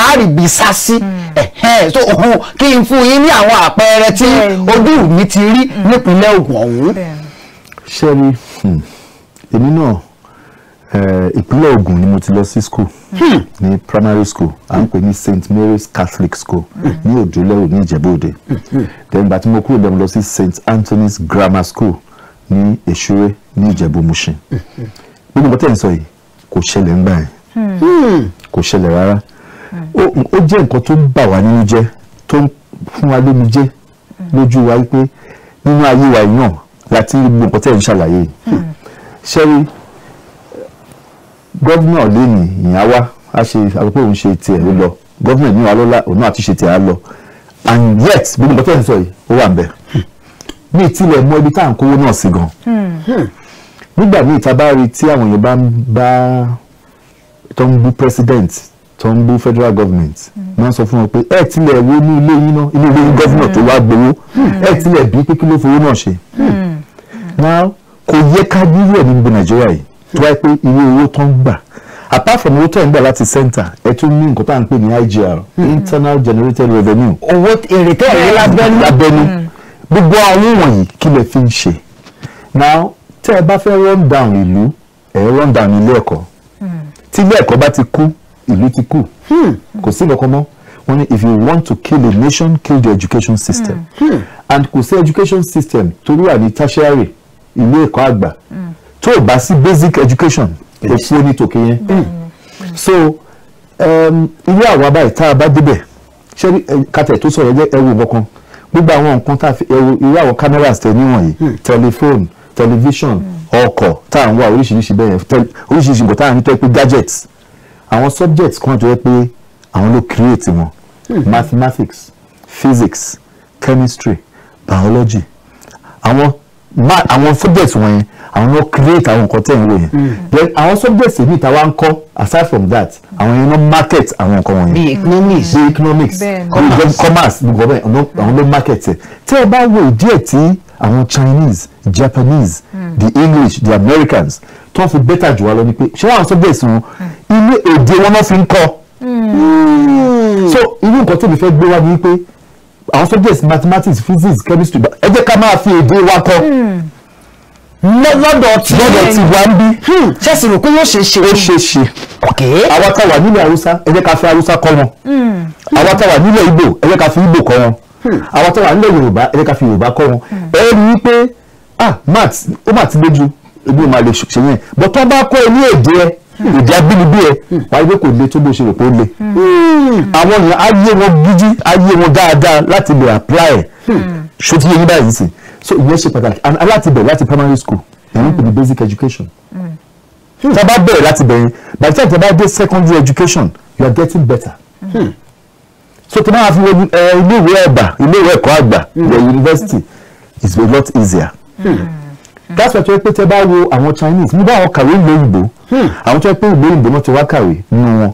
àárìbí sásí hmm. so òun kí n fún yín ní àwọn àpẹẹrẹ tí ojú mi ti rí hmm. nípínlẹ̀ Ògùn ọ̀hún. ṣẹ́ni hmm. èmi náà eh, ìpínlẹ̀ Ògùn ni mo ti lọ sí school ní primary school à ń pè ní St Mary's Catholic School ní òdòlẹ́wò ní ìjẹ̀bú then gbà tí mo kúrò bẹ́ẹ̀ lọ sí St Anthony's Grammar School ní Èṣúrẹ́ ní Ìjẹ̀bú-Mùṣìn gbogbo nǹkan tẹ̀ ń sọ yìí kò ṣẹlẹ̀ ńgbà yẹn hmm. kò ṣẹlẹ̀ rárá ó jẹ́ nǹkan tó ń bà wá nínú jẹ́ tó ń fún wa lómi jẹ́ lójú wa wípé nínú ayé wa yìí náà láti gbogbo nǹkan tẹ́ ẹ̀ ń ṣàlàyé yìí hmm. ṣẹ́rí gọ́vnà lẹ́nìí ìyá wa a ṣe àpapọ̀ òun ṣe tiẹ̀ ó lọ gọ́vnà ìlú wa lọ́la òun náà ti ṣe tiẹ̀ á lọ and yet gbogbo nǹkan tẹ́ ẹ̀ ń sọ yìí ó wà ń bẹ̀ bí hmm. ìtìlẹ̀ mọ ibi tá à ń kówó náà sí gan nígbà míì tá a bá rí tí àwọn èèyàn bá ń bá tó ń bú president tó ń bú federal government máa mm. ń sọ fún wọn pé ẹ tilẹ̀ wo ní ilé yín náà ilé yín gọ́fìnà tó wá gbowó mm. ẹ mm. tilẹ̀ bí pé kí ló fowó náà ṣe. Hmm. now kò yẹ ká rírú ẹ̀ níbi nàìjíríà yìí tó wáyé pé irú owó tó ń gbà apart from owó tó ń gbà láti center ẹ tún ní nǹkan tá à ń pè ní IGR internal generated revenue. owó èrè tẹ́ ẹ̀rí lábẹ́nu. lábẹ́nu gbogbo àwọn wọ̀nyí kí lè fi ń ṣe now tí a bá fẹ́ run down ìlú ẹ̀ run down ilé ẹ̀kọ́ hmm. tí ilé ẹ̀kọ́ bá ti kú ìlú ti kú hmm. kò sí nǹkan mọ́ wọ́n ní if you want to kill a nation kill the education system hmm. hmm. and kò sí education system torí wà ní tertiary ilé ẹ̀kọ́ àgbà tó o bá sí basic education òfin ní tòkè yẹn so um, ilé àwọn abáyé tá a bá débẹ̀ ṣé kàtẹ́ tó sọ̀rọ̀ ẹ wo nǹkan kan gbogbo àwọn nǹkan tá a fi ẹ wo irú àwọn cameras tẹ níwọ̀nyí telephone. Hmm tẹlifíṣàn ọkọ̀ tá à ń wá oríṣiríṣi bẹ́ẹ̀ oríṣiríṣi nǹkan tá à ń tẹ́ pé gadgets àwọn subjects kan tó yẹ pé àwọn ló create wọn hmm. mathematics physics chemistry biology àwọn àwọn subjects wọ̀nyẹn àwọn ló create àwọn nǹkan tẹ̀ ń wò yẹn hmm. then àwọn subjects èmi ìta wa ń kọ́ aside from that àwọn yẹn ló market àwọn nǹkan wọ̀nyẹn bí economics bí economics commerce, commerce bí government àwọn ló market ẹ̀ tí ẹ bá wo ìdí ẹ̀ tí àwọn Chinese Japanese mm. the English the Americans tó fi bẹ́tà jù wá lọ ni pé ṣé wàá sọ bẹ́ẹ̀ sùn hmm. ilé èdè wọn náà fi ń kọ́ hmm. so irú nǹkan tèmi fẹ́ gbé wá ni pé àwọn subjects mathematics physics chemistry ẹ jẹ́ ká máa fi èdè wa kọ́ hmm. lọ́dọ̀ tí lọ́dọ̀ tí wà ń bí. ṣẹ́sì rò pé yóò ṣe ṣe. ó ṣe ṣe. àwa táwa nílẹ̀ haúsá ẹ jẹ́ ká fi haúsá kọ́ wọn àwa táwa nílẹ̀ Ìgbò ẹ jẹ́ ká fi Ìgbò kọ́ wọn. Hmm. àwọn tó wà nílẹ̀ yorùbá ẹ jẹ́ ká fi yorùbá kọ́ wọn hmm. ẹ rí i pé ah matt ó mà ti léjú ebi ò máa lè ṣe yẹn bọ́ tó bá kọ́ ẹ ní èdè ẹ hmm. èdè abínibí ẹ wáyé pé kò le tó bó ṣe rò pé ó le àwọn èèyàn á yé wọn gidi á yé wọn dáadáa láti lè apply ẹ ṣó ti yé báyìí sí so ìyẹn ṣe pàtàkì láti bẹ̀rẹ̀ láti primary school èyí ń ní basic education tá a bá bẹ̀rẹ̀ láti bẹ̀rẹ̀ by the time tí a bá dé secondary education you are getting better. Hmm so tí máa fi eh, ilé ìwé àgbà ilé ìwé ẹ̀kọ́ àgbà the hmm. university is a lot easier. Hmm. Hmm. that's why pé tẹ́ bá wo àwọn Chinese nígbà àwọn kàwé ìlú òyìnbó àwọn tó yẹ pé ìlú òyìnbó náà ti wá kàwé nínú wọn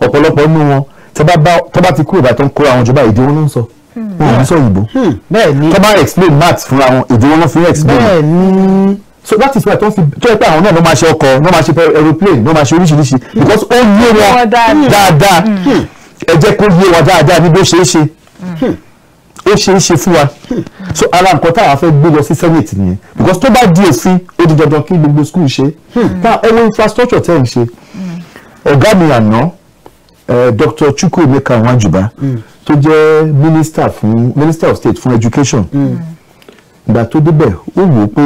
ọ̀pọ̀lọpọ̀ nínú wọn tó bá ti kúrò bá tó ń kóra àwọn ìjọba èdè wọn ló ń sọ wọn ò ní sọ òyìnbó tó bá explain maths fúnra wọn èdè wọn ló fi explain so that is why tó ń fi tó yẹ pé àwọn náà ló máa ṣe ọkọ̀ ló máa ṣe aeroplane ló máa ṣe oríṣiríṣi because ó yé wọn dáadáa ẹ jẹ́ kó yé wa dáadáa ní bó ṣe é ṣe ó ṣe é ṣe fún wa so ara nǹkan tá a fẹ́ gbé lọ sí senate nìyẹn because tó bá di òfin ó di dandan kí gbogbo school ṣe tá ẹ wo infrastructure tẹ́ ń ṣe ọ̀gá mi àná Dr. Chukwuemeka Nwajuba tó jẹ́ minister fún minister of state fún education ìgbà tó débẹ̀ ó wò ó pé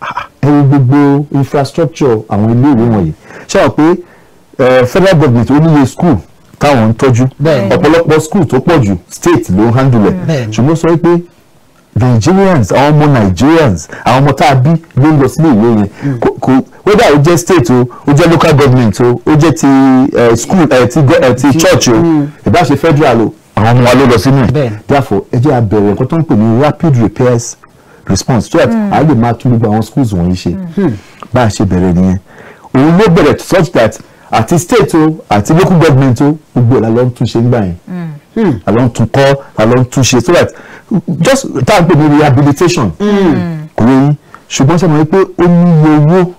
ah, ẹ wo gbogbo infrastructure àwọn iléèwé wọ̀nyí ṣáà pé federal government ó níye school táwọn ń tọ́jú ọ̀pọ̀lọpọ̀ school tó pọ̀ jù state ló ń handle ẹ̀ ṣùgbọ́n sọ pé Nigerians àwọn ọmọ Nigerians àwọn ọmọ tá a bí ló ń lọ sílé ìwé yẹn hmm. kò whether ó jẹ́ state o ó jẹ́ local government o ó jẹ́ ti uh, school uh, ti, uh, church o hmm. ìbá federal o àwọn ọmọ wa ló lọ sínú ẹ̀ therefore ẹ jẹ́ abẹ̀rẹ̀ nǹkan tó ń pè ní rapid repairs response so that hmm. a lè máa tún gbogbo àwọn schools wọ̀nyí ṣe bá a ṣe bẹ̀rẹ̀ nìyẹn òun ló bẹ̀rẹ̀ such that àti state o àti local government o gbogbo ẹ̀ la lọ ń túnṣe nígbà yẹn hmm. a lọ ń tún kọ́ a ń túnṣe so that just tá a gbé ní rehabilitation hmm. kò yẹ yín ṣùgbọ́n ṣe mọ̀ pé ó ní iye owó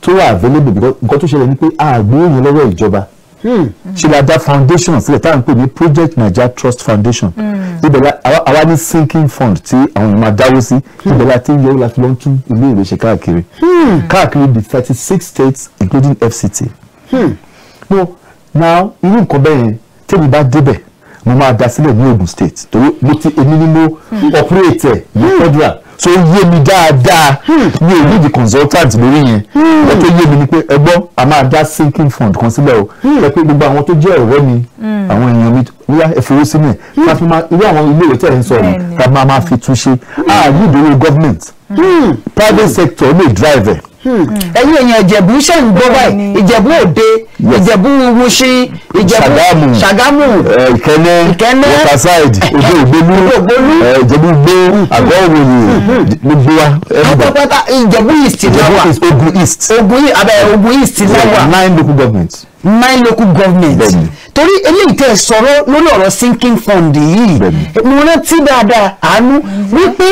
tó wà available because nǹkan tó ṣẹlẹ̀ ni pé àgbéyẹ̀yìn lọ́wọ́ ìjọba ṣe la dá foundation sílẹ̀ tá à ń pè ní project naija trust foundation hmm. ibẹ̀ la àwa ní sinking fund tí àwọn máa dáwó sí hmm. ibẹ̀ la ti ń yọ láti lọ́n tún ilé ìwé ṣe káàkiri hmm. káàkiri the thirty six states including fct. Hmm. no now irú nǹkan bẹ́ẹ̀ yẹn tẹ́mi bá débẹ̀ mo máa dá sílẹ̀ ní Ògùn state torí mo ti èmi ni mo operate ẹ̀ ní federal. So yé mi dáadáa hmm. mi ò nídìí consultant lórí yẹn hmm. ẹ tó yé mi ni pé ẹgbọ́n a máa dá sinking fund kan sílẹ̀ o hmm. ẹ pé gbogbo àwọn tó jẹ́ ọ̀rẹ́ mi àwọn èèyàn mi wíyá ẹ̀fọ́wọ́ sínú ẹ̀ ká fi máa irú àwọn iléèwé tẹ̀ ń sọ̀rọ̀ ká máa máa fi túnṣe ààyè ìdòwò ah, government private sector lè drive ẹ̀. Hmm. Hmm. ẹ̀yin èèyàn ìjẹ̀bú ṣe ń gbọ́ báyìí ìjẹ̀bú òde ìjẹ̀bú wúṣí ìjẹ̀bú ṣàgámù eh, ìkẹ́nẹ́ waterside [LAUGHS] ojú ògbólú eh, ìjẹ̀bú gbé hmm. àgọ́ òwòye gbogbo wa. pátápátá ìjẹ̀bú east láwà ogun east ogun abẹ ogun east láwà nine local governments. nine local governments torí eléyìí tẹ́ sọ̀rọ̀ lórí ọ̀rọ̀ sinking fund yìí mo rántí dáadáa àánú wípé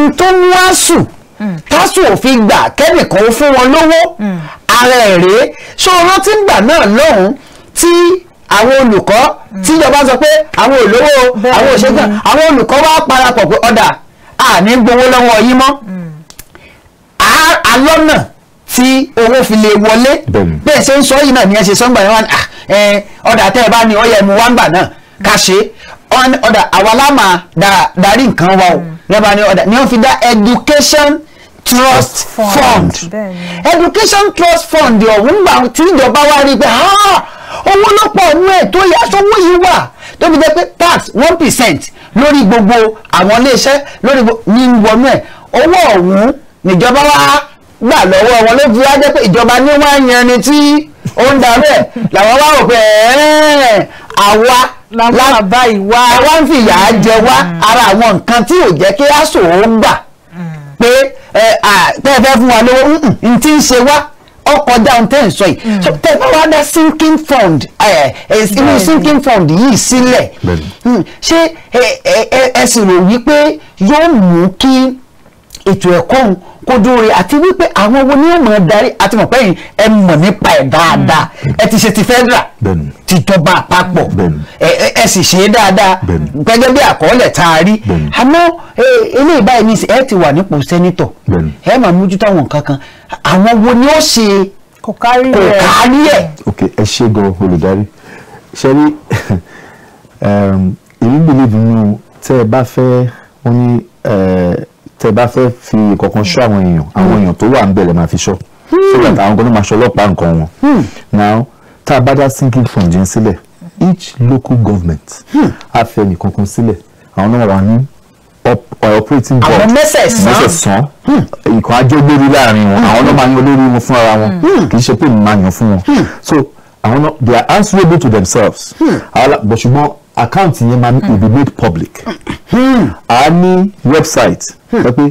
ntọ́nuwásùn Mm. tásùn òfin gbà kẹ́nìkan ó fún wọn lówó mm. ara ẹ̀ rèé ṣó rántí ngbà náà lọ́hùn tí àwọn olùkọ́ mm. tíjọba sọ pé àwọn olówó àwọn òṣèlú àwọn olùkọ́ wá parapọ̀ pé ọ̀dà àní gbowó lọ́wọ́ yín mọ́ alọ́nà tí owó fi lè wọlé bẹ́ẹ̀ ṣe ń sọ yìí náà ni ẹ ṣe sọ́ngbà yẹn wá ní ah, ọ̀dà tẹ́ ẹ bá ní ọ̀yẹ́ wá ń gbà náà ká ṣe ọ̀dà àwa la da darí nǹkan wa o lẹ́bàá mm. ni ọ̀dà ni wọ́n fi dá education trust fund education trust fund ọ̀hún gbà tí ìjọba wa rí i pé ah, owó ló pọ̀ nú ẹ̀ tó yá sówó yìí wà tó fi jẹ́ pé tax one percent lórí gbogbo àwọn iléeṣẹ́ lórí ní wọnú ẹ̀ owó ọ̀hún níjọba wa gbà lọ́wọ́ wọn ló fi wá jẹ́ pé ìjọba ni wọ́n á yan ẹni tí ó ń darí ẹ̀ làwọn wá rò pé àwa láwọn àbáyé wá àwa ń fìyà mm. jẹ wá ara àwọn nǹkan tí ò jẹ́ kí aṣọ ò gbà pé tẹ́ fún wa lówó n ti ń ṣe wá ọkọ̀ dáhùn tẹ́ ẹ̀ sọ yìí mm. so tẹ́ wá dá sinking fund inú sinking fund yìí sílẹ̀ mm. ṣé ẹ sì rò wípé yóò mú kí ètò ẹ̀kọ́ kò dùn rè àti wípé àwọn wo ni ó mọ̀ darí àti mọ̀ pẹ́yìn ẹ mọ̀ nípa ẹ̀ dáadáa mm. ẹ ti ṣe ti federal ti jọba àpapọ̀ ẹ sì ṣe é dáadáa gẹ́gẹ́ bí àkọọ́lẹ̀ tá a rí àmọ́ eléyìí báyìí ní ẹ ti wà nípò sẹ́nítọ̀ ẹ máa mójútó àwọn nǹkan kan àwọn wo ni ó ṣe kò kárí ẹ̀. ok ẹ ṣe gan olùdarí ṣe rí [LAUGHS] èmi believe nínú tẹ́ ẹ bá fẹ́ wọ́n ní tẹ́ bá fẹ́ fi ìkọ̀kan ṣọ́ àwọn èèyàn àwọn hmm. èèyàn tó wà ń bẹ̀rẹ̀ máa fi ṣọ́ so that àwọn kan tó máa ṣọ́ ọlọ́pàá nǹkan wọn hmm. now tá a bá dá sinking fund yẹn sílẹ̀ each local government hmm. á fẹ́ nìkan sílẹ̀ àwọn náà wà ní operating board àwọn mẹ́sẹ̀sán ìkan ajẹ́gbẹ́rú láàrin wọn àwọn náà máa yan olórí wọn fúnra wọn kì í ṣe pé mi máa yan fún wọn so àwọn náà they are answerable to themselves àwọn bọ̀ ṣùgbọ́n account yẹn máa will be made public a website sọ pé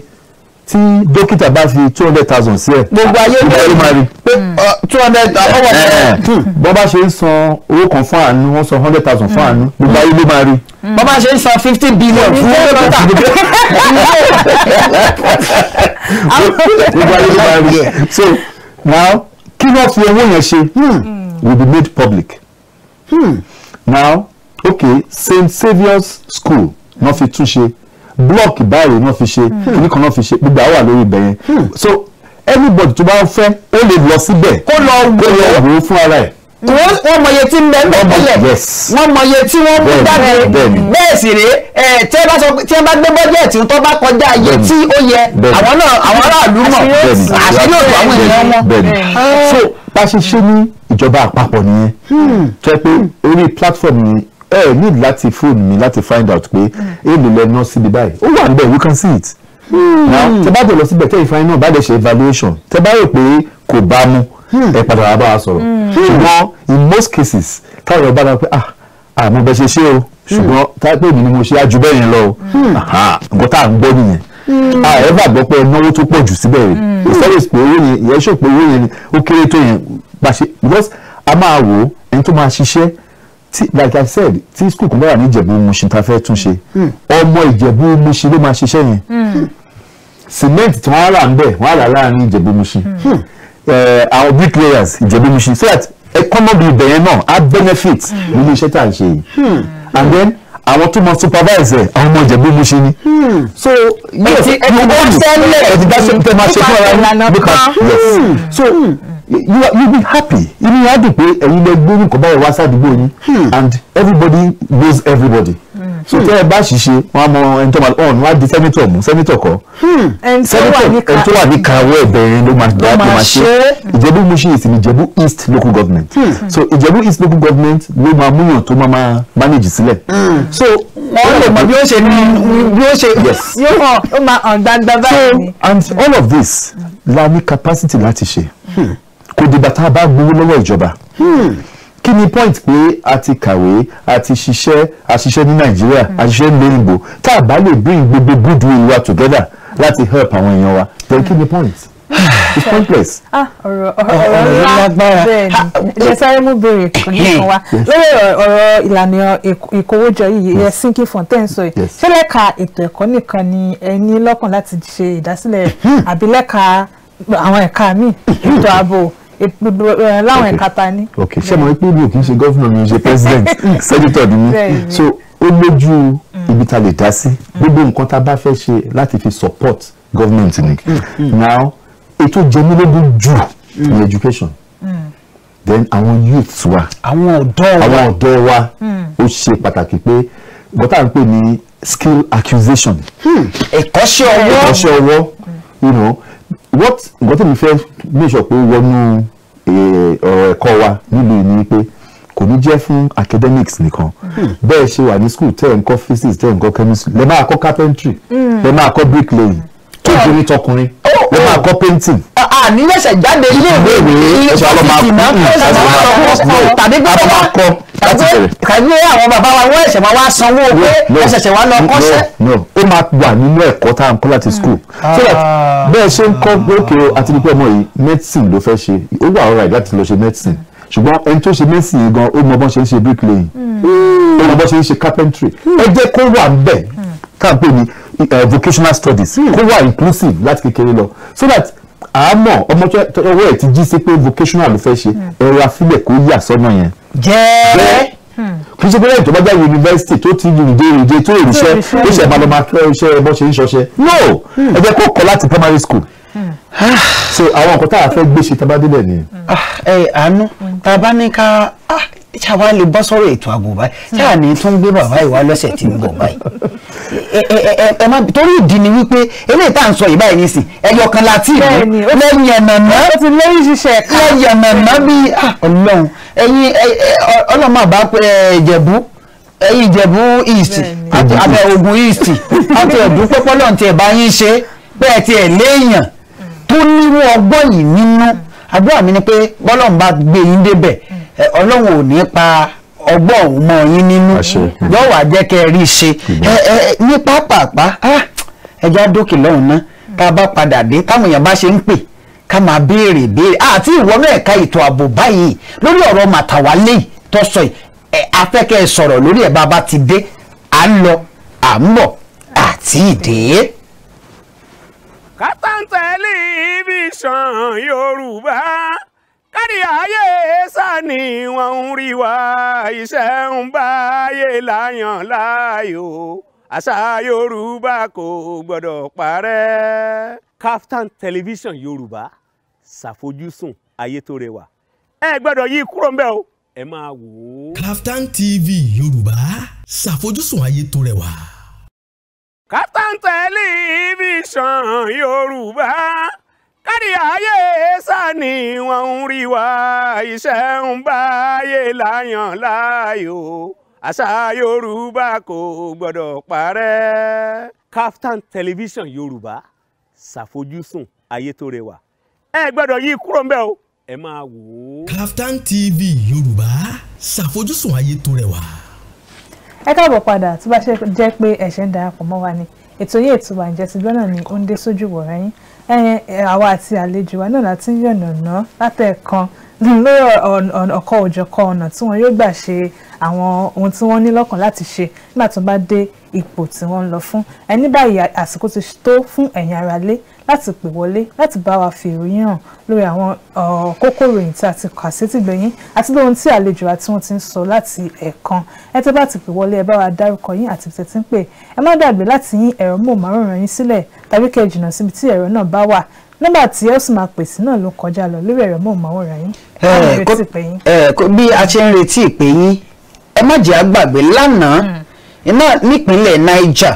tí dókítà bá fi two hundred thousand sí ẹ gbogbo ayé ló máa rí uh, two hundred thousand bọ́ bá ṣe ń san owó kan fún àánú wọ́n san hundred thousand fún àánú gbogbo ayé ló máa rí. bọ́ bá ṣe ń san fifty billion fún dókítà gbogbo ayé ló máa rí so now kí wọ́n fi owó yẹn ṣe hmm. will be made public hmm. now ok St Saviour's School náà fi túnṣe block báyìí náà fi ṣe hmm. kíní kan náà fi ṣe gbogbo àwọn wà lórí ibẹ̀ yẹn hmm. so anybody tó bá fẹ́ ó lè lọ síbẹ̀ kó lọ wò ó fún ara ẹ̀ wọ́n mọye tí ń bẹ ń bẹ tẹ́lẹ̀ wọ́n mọye tí wọ́n mú dání bẹ́ẹ̀ sì rèé ẹ̀ tí wọ́n bá gbé bọ́jẹ̀tì tó bá kọjá iye tí ó yẹ àwọn náà àwọn aráàlú mọ̀ àṣírí òkú àwọn èèyàn wọn. so bá ṣe ṣe ní ìjọba àpapọ̀ nìyẹn hmm. tó yẹ pé orí platform ni ẹ need láti fóònù mi láti find out pé èèlò lẹ́nu síbi báyìí ó wà níbẹ̀ we can see it. Hmm. tẹ bá tẹ lọ síbẹ̀ tẹ ìfain náà bá dẹ̀ ṣe evaluation tẹ bá rò pé kò bá mu hmm. ẹ padà wá bá wa sọ̀rọ̀ hmm. ṣùgbọ́n in most cases táwọn ọba náà pé ah àmọ́ bẹ ṣe ṣe o ṣùgbọ́n táìpé mi ni mo ṣe àjù bẹ́ẹ̀ yẹn lọ o nǹkan tá à ń gbọ́ nìyẹn àìrẹ́fà gbọ́ pé náwó tó pọ̀ jù síbẹ̀ rẹ̀ ìsọ́lẹ̀sì pé owó yẹn ìyẹn ṣòpò owó yẹn ni ó kéré tó yẹn gbàṣe because a máa wò ó ẹni tó máa ṣiṣẹ́ like i said tí school kan bá wà ní ìjẹ̀bú Mushin ta fẹ́ tún ṣe hmm. ọmọ ìjẹ̀bú Mushin ló máa ṣiṣẹ́ yẹn hmm. Hmm. cement tí wọ́n rà ń bẹ̀ wọ́n rà láàrin ìjẹ̀bú Mushin eh, àwọn bricklayers ìjẹ̀bú Mushin so that economy ibẹ̀ yẹn náà á benefit nínú iṣẹ́ tá à ń ṣe yìí and then àwọn tó máa supervise ẹ àwọn ọmọ ìjẹ̀bú Mushin ni. so yes ẹtì bá ṣe ń tẹ́ máa ṣe fún ara yín nípa yes so. Hmm you you be happy inú yà á dùn pé ẹ̀yin lè gbóyún kọ́ báyìí wá sádùúgbò yín hmm. and everybody knows everybody hmm. so tẹ́ ẹ bá ṣiṣẹ́ wọn á mọ ẹni tó máa ọ̀n wọn á di sẹ́mítọ̀ mú sẹ́mítọ̀ kọ́ hmm. sẹ́mítọ̀ ẹni tó wà ní kàwé ẹ̀bẹ̀rin ló máa ṣe ìjẹ̀bú mú ṣe ìsìn ìjẹ̀bú east local government so ìjẹ̀bú east local government ló máa múyàn tó máa máa manage sílẹ̀ so wọ́n lè mọ bí ó so and all of this la ní capacity láti Hmm kò dìgbà tá a bá gbowó lọ́wọ́ ìjọba. Hmm. kí ni point pé a ti kàwé a ti ṣiṣẹ́ a ṣiṣẹ́ ní nàìjíríà a hmm. ṣiṣẹ́ ní òyìnbó tá a bá lè bring gbogbo goodwill wa together láti help àwọn èèyàn wa then kí ni point hmm. it's pointless. [LAUGHS] Ah, eh, eh, ọ̀rọ̀ ńlá bẹ́ẹ̀ ni ẹ mú béèrè kan wá lórí ọ̀rọ̀ ìlànà ìkówójọ yìí ìyẹn sinking fountain sọ yìí ṣé lẹ́ka ètò ẹ̀kọ́ nìkan ni ẹ lọ́kàn láti ṣe ìdásílẹ̀ àbí lẹ́ka àwọn ẹ̀ka míì [COUGHS] ètò ààbò láwọn ẹ̀ka ta ní. ok ṣé mo rí pé mi ò kì í ṣe gọ́fìnà mi ò ṣe president senator [LAUGHS] ni mí so ó lójú mm. ibi ta lè dá sí mm. gbogbo nǹkan tá a bá fẹ́ ṣe láti fi support government ni mm. now ètò jẹmílógún jù ní education then àwọn youths wa àwọn ọ̀dọ́ wa àwọn ọ̀dọ́ wa ó ṣe pàtàkì pé bọ́tà ń pè ní skill acquisition hmm. ẹ̀kọ́ṣẹ́ ọwọ́ ẹ̀kọ́ṣẹ́ ọwọ́ you know what nǹkan tí mi fẹ́ make sure pé wọnú eh, ọ̀rọ̀ ẹ̀kọ́ wa nílùú ni pé kò ní jẹ́ fún academics nìkan bẹ́ẹ̀ ṣe wà ní school tẹ́ ẹ̀ ń kọ́ physics tẹ́ ẹ̀ ń kọ́ chemistry lẹ́ máa kọ́ carpentry mm. lẹ́ máa kọ́ bricklaying tó obìnrin tọkùnrin ló máa kọ́ painting. àníyànṣẹ̀ jáde ilé ìwé ilé ìfọ̀sìtì náà kọ́ tàbí gbọ́dọ̀ wá tàbí àwọn bàbá wa wọ́n ẹ̀ṣẹ̀ máa wá sanwó pé ẹ̀ṣẹ̀ṣẹ̀ wá lọ kọ́ṣẹ́. ó máa wà nínú ẹ̀kọ́ tá à ń kọ́ láti hmm. school so that ah. bẹ́ẹ̀ ṣe ń kọ́ lókè àti nípa ọmọ yìí medicine ló fẹ́ ṣe ó wà ọ̀rọ̀ àìláti lọ ṣe medicine hmm. ṣùgbọ́n ẹni tó ṣe medicine yìí gan ó mọ bọ́n ṣe ń ṣe bricklaying hmm. ó mọ bọ́n ṣe ń ṣe carpentry ẹ jẹ́ kó wà ń bẹ̀ káàpé ni vocational studies hmm. kó wà inclusive láti kékeré lọ so that àmọ́ ọmọ tọwọ́ ẹ̀ ti jí sí pé vocational ló fẹ́ ṣe hmm. ẹ̀rọ afílẹ̀ kó yà sọ́nà yẹn. jẹ́ẹ́ hmm. kì í ṣe pé lẹ́yìn tó bá jáde yunifásitì tó ti yunide yunide tó ìrìṣẹ́ tó ṣe àbálọ́ máa kẹ́ iṣẹ́ bó ṣe ń ṣọṣẹ́ no ẹ jẹ́ kó kọ́ láti primary school. so àwọn nǹkan tá a fẹ́ gbé ṣe tá a bá délẹ̀ nìyẹn. Ah, ẹ àánú tá a bá ní ká ah, ṣáwa lè bọ́ sọ́rọ̀ ètò ààbò báyìí ṣáà ní tó ń gbé bàbá ìwà lọ́sẹ̀ tí ń bọ̀ báyìí ẹ má torí ìdí ni wípé eléyìí tá à ń sọ yìí báyìí nísìn ẹyọ kan láti ìlú lẹ́yìn ẹ̀nàmọ́ lẹ́yìn ẹ̀nàmọ́ bíi ọlọ́run ẹ̀yin ọlọ́run máa bá Ìjẹ̀bú ẹ̀yin Ìjẹ̀bú east abẹ́ Ògùn east àti ẹ̀dùn pẹ́pọ́ lọ́n ti ẹ̀bá yín ṣe bẹ́ẹ̀ ti ẹ̀ léèyàn tó níwọ̀ ọgbọ́n yìí nínú àdúrà mi ni pé bọ́lọ́run ọlọ́run ò ní pa ọgbọ́n òun mọ́ yín nínú yóò wá jẹ́ kẹ́ ẹ rí i ṣe ní pápápá ah, ẹja dókè lọ́hùn ná tá a bá padà dé táwọn èèyàn bá ṣe ń pè ká máa béèrè béèrè ah, àti ìwọ náà ẹ̀ka ètò ààbò báyìí lórí ọ̀rọ̀ màtàwálé tó afẹ́kẹ́ sọ̀rọ̀ lórí ẹ̀ bàbá ti dé à ń lọ à ń bọ̀ àti ìdè. kátàntẹ́lì ibi sàn Yorùbá kárí ayé sani wọn ń rí wa iṣẹ́ ń bá ayé láyàn láàyò àṣà yorùbá kò gbọ́dọ̀ parẹ́. Kaftan television yorùbá ṣàfojúsùn ayé tó rẹwà ẹ gbọ́dọ̀ yí kúrò ń bẹ̀ o ẹ máa wò ó. Kaftan TV yorùbá ṣàfojúsùn ayé tó rẹwà. Kaftan television yorùbá kárí ayé sani wọn ń rí wa iṣẹ́ ń báyé láyàn láàyò àṣà yorùbá kò gbọ́dọ̀ parẹ́. Kaftan television yorùbá ṣàfojúsùn ayé tó rẹwà ẹ gbọ́dọ̀ yí kúrò ń bẹ̀ o ẹ máa wò ó. Kaftan TV yorùbá ṣàfojúsùn ayé tó rẹwà. ẹ káàbọ̀ padà tó bá jẹ́ pé ẹ̀ṣẹ̀ ń darapọ̀ mọ́ wa ni ètò yìí ètò àǹjẹsígbọ́n náà ni ó ń dé sójú wọ̀nyí àwa àti àlejò wa náà láti ń yànnàná látẹ̀kan lórí ọ̀kọ̀ òjọ̀kan ọ̀nà tí wọ́n yóò gbà ṣe àwọn ohun tí wọ́n ní lọ́kàn láti ṣe nígbà tó bá dé ipò tí wọ́n ń lọ fún ẹni báyìí àsìkò ti tó fún ẹ̀yin aráalé láti pè wọlé láti bá wa fi ìròyìn hàn lórí àwọn kókó ìròyìn tí a ti kà sétí gbẹ̀yìn àti lóhun tí àlejò àti wọn ti ń sọ láti ẹ̀ẹ̀kan ẹ tẹ́ bá ti pè wọlé ẹ bá wa dárúkọ yín àti tẹ̀ tí ń pè ẹ má dàgbé láti yín ẹ̀rọ mọ̀ọ́mọ́ràn yín sílẹ̀ tàbí kẹ́ jìnnà síbi tí ẹ̀rọ náà bá wà nọ́mbà tí ẹ sì máa pè sí náà ló kọjá lọ lórí ẹ̀rọ mọ̀ọ́mọ́ràn yín. yín ẹ má jẹ́ àgbàgbé lánàá hmm. iná nípínlẹ̀ Niger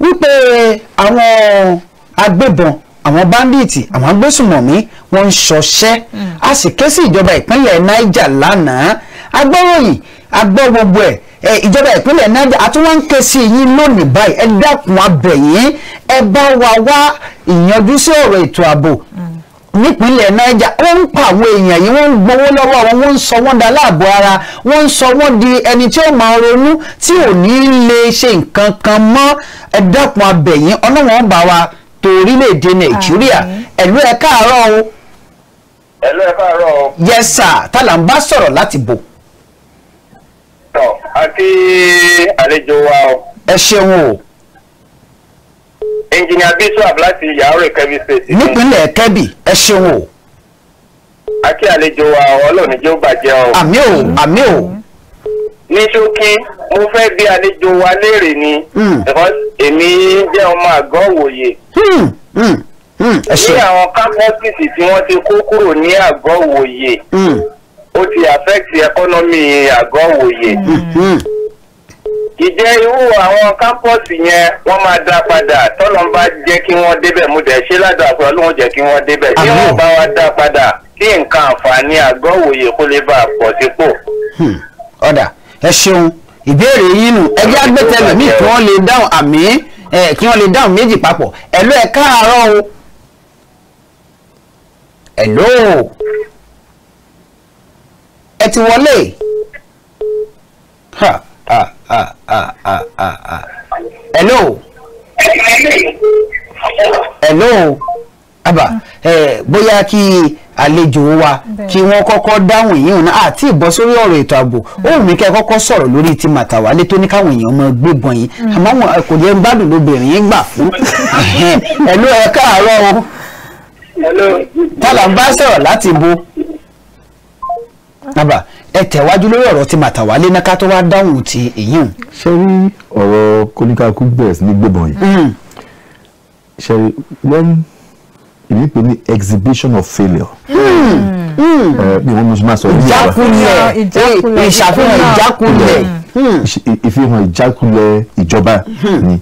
wípé àwọn agbébọn àwọn báńdíìtì àwọn agbésùmọ̀mí wọ́n ń ṣọṣẹ́ a sì ké sí ìjọba ìpínlẹ̀ Niger lánàá agbóròyìn agbọ́ gbogbo ẹ̀ ìjọba ìpínlẹ̀ Niger àti wọ́n ń ké sí yín lónìí báyìí ẹ dákun abẹ̀yìn ẹ bá wa wá ìyanjú sí ọ̀rọ̀ ètò ààbò nípínlẹ̀ niger wọ́n ń pa àwọn èèyàn yìí wọ́n ń gbowó lọ́wọ́ wọn wọ́n ń sọ wọ́n da láàbò ara wọ́n ń sọ wọ́n di ẹni tí ó máa ronú tí ò ní lè ṣe nǹkan kan mọ́ ẹ dákun abẹ̀yìn ọlọ́wọ́n bá wa tó orílẹ̀-èdè nàìjíríà ẹ̀lú ẹ káàárọ̀ o. ẹ̀lú ẹ káàárọ̀ o. yes sir tálà ń bá sọ̀rọ̀ láti bò. tọ́ àti àlejò wa o. ẹ ṣeun o engineer bishop láti yaore kebbi state. nípínlẹ̀ kebbi ẹ ṣeun o. àti àlejò wa ọlọ́ọ̀ni jẹ́ ó bàjẹ́ o. àmì o àmì o. ní ṣókí mo fẹ́ bí àlejò wa léèrè ni. Hmm. èmi jẹ́ ọmọ àgọ́ òwòye. Hmm, hmm, ní àwọn kápẹ́sìtì tí wọ́n ti kó kúrò ní àgọ́ òwòye. ó ti affect economy àgọ́ òwòye. Mm. Mm ìjẹ́ irú àwọn kámpọ́ọ̀sì yẹn wọ́n máa dá padà tọ́lọ́n bá jẹ́ kí wọ́n débẹ̀ mú dẹ̀ ṣé ládàá pé ọlọ́run jẹ́ kí wọ́n débẹ̀ tí wọ́n bá wá dá padà kí nǹkan àǹfààní àgọ́ òwòye kó lè bá a pọ̀ sípò. Hmm. ọ̀dà ẹ ṣeun ìbéèrè yín nù ẹjẹ́ agbẹ́tẹ̀lẹ̀ míì kí wọ́n lè dáhùn àmì kí wọ́n lè dáhùn méjì papọ̀ ẹ̀ló ẹ̀ káàárọ̀ o ẹ̀ló ẹ ti wọlé. Huh ah ah ah ah ah ah hello hello aba ẹ bóyá kí àlejò wa kí wọ́n kọ́kọ́ dáhùn èèyàn náà àti ìbọ̀ sórí ọ̀rọ̀ ètò ààbò òun mi kẹ́ kọ́kọ́ sọ̀rọ̀ lórí ti Màtàwálé tó ní káwọn èèyàn máa gbébọn yìí mm. àmọ́ wọn kò jẹ́ ń gbádùn lóbìnrin yín gbà fún ẹ̀lú ẹ káàárọ̀ o tálà ń bá sọ̀rọ̀ bo bàbá ẹ tẹ̀wájú lórí ọ̀rọ̀ tí màtàwálé náà ká tó wá dáhùn ti èyí o. ṣé rí ọ̀rọ̀ kóníkàkú bẹ̀rẹ̀ ní gbẹ̀bọ̀n yìí ṣe wọ́n ìbí pè ní exhibition of failure. Mm. Mm. bí wọ́n mú sí máa sọ ìjákulẹ̀ eh, ìṣàfihàn ìjákulẹ̀ mm. ìfihàn ìjákulẹ̀ ìjọba ni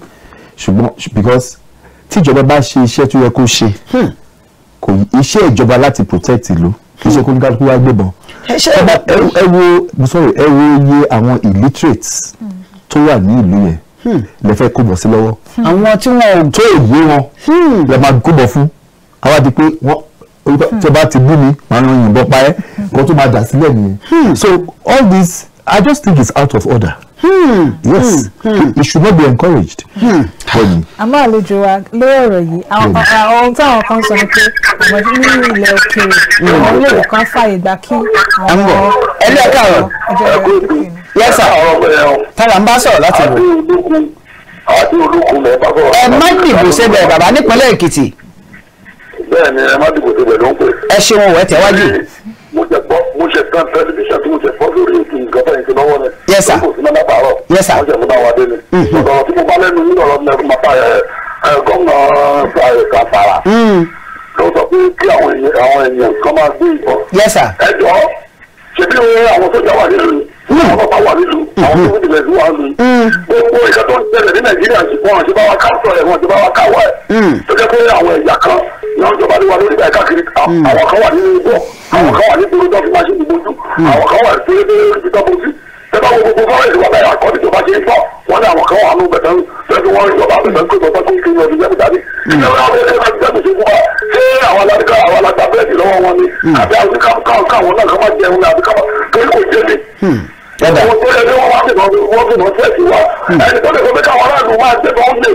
ṣùgbọ́n because tíjọba bá ṣe iṣẹ́ tó yẹ kó ṣe kò iṣẹ́ ìjọba láti protect ìlú kì í ṣe kó wá gbébọn ẹ wo mo ẹ wo iye àwọn illiterates tó wà ní ìlú yẹn hmm. lè fẹ́ kó bọ̀ sí lọ́wọ́ àwọn tí wọn tó ìwé wọn lè máa kó bọ̀ fún àwa di pé wọn tí o bá ti bú mi màá ràn yìnbọn pa ẹ́ hmm. kó tó máa dà sílẹ̀ nìyẹn hmm. so all this I just think it's out of order. Yes, It, should not be encouraged fọ́ ni. àmọ́ àlejò wa lórí ọ̀rọ̀ yìí ohun táwọn kan sọ ni pé àmọ́jú ní ilẹ̀ òkèèrè mm. àwọn olóòwò kan fààyè gbà kí àwọn ẹlẹ́ẹ̀kẹ́ ọ̀rọ̀ ọjọ́ ìrìn yẹ́sà tààrà ń bá sọ̀rọ̀ láti wò. ẹ má dìbò síbẹ̀ bàbá nípínlẹ̀ Èkìtì. bẹ́ẹ̀ ni ẹ má dìbò síbẹ̀ ló ń pè. ẹ ṣeun ò ẹ tẹ̀wájú mo jẹ gbọ́ mo ṣe tán tẹlifíṣàn tí mo ṣe fọ́ lórí ètò nǹkan tó yẹn ti lọ́wọ́ ni. yes sir. mo sì máa bá rọ. yes sir. mo jẹ mo bá wa dé ni. Mm-hmm. ọ̀rọ̀ tí mo bá lẹ́nu nínú ọ̀rọ̀ mẹ́rin máa bá gómìnà Kàfàrà. ló sọ pé kí àwọn èèyàn kan máa gbé ìbọn. yes sir. ẹ jọ ṣe bí àwọn sójà mm. wà nílùú àwọn ọba wà nílùú àwọn tó ń tilẹ̀ sí wà nílùú gbogbo ìṣẹ́ tó ń tẹ̀lẹ̀ ní Nàìjíríà wọn ti bá wa ká sọ̀rọ̀ wọn ti bá wa ká wọ̀ ẹ̀ mm. tó jẹ́ pé àwọn ẹ̀yà kan lọ́jọ́ bá ní wà lórí ẹ̀ka kiri hmm. hmm. hmm. àwọn kan wà nínú ibọ̀ àwọn kan wà níbi olójọ́ fi máa ṣe gbogbo àwọn kan wà níbi olójọ́ fi máa ṣe tẹ́lá wo gbogbo fáwọn ìlú wàlẹ́ àkọ́ni tó ṣe ń fọ́ wọn ní àwọn kan wà nínú bẹ̀tẹ̀ tẹ́lá wọn ìjọba àbẹ̀tẹ̀ ń kéjọba ń kí lọ́dún jẹ́bi wa ṣé àwọn alága àwọn alága káwọn náà máa jẹun ní àbí lè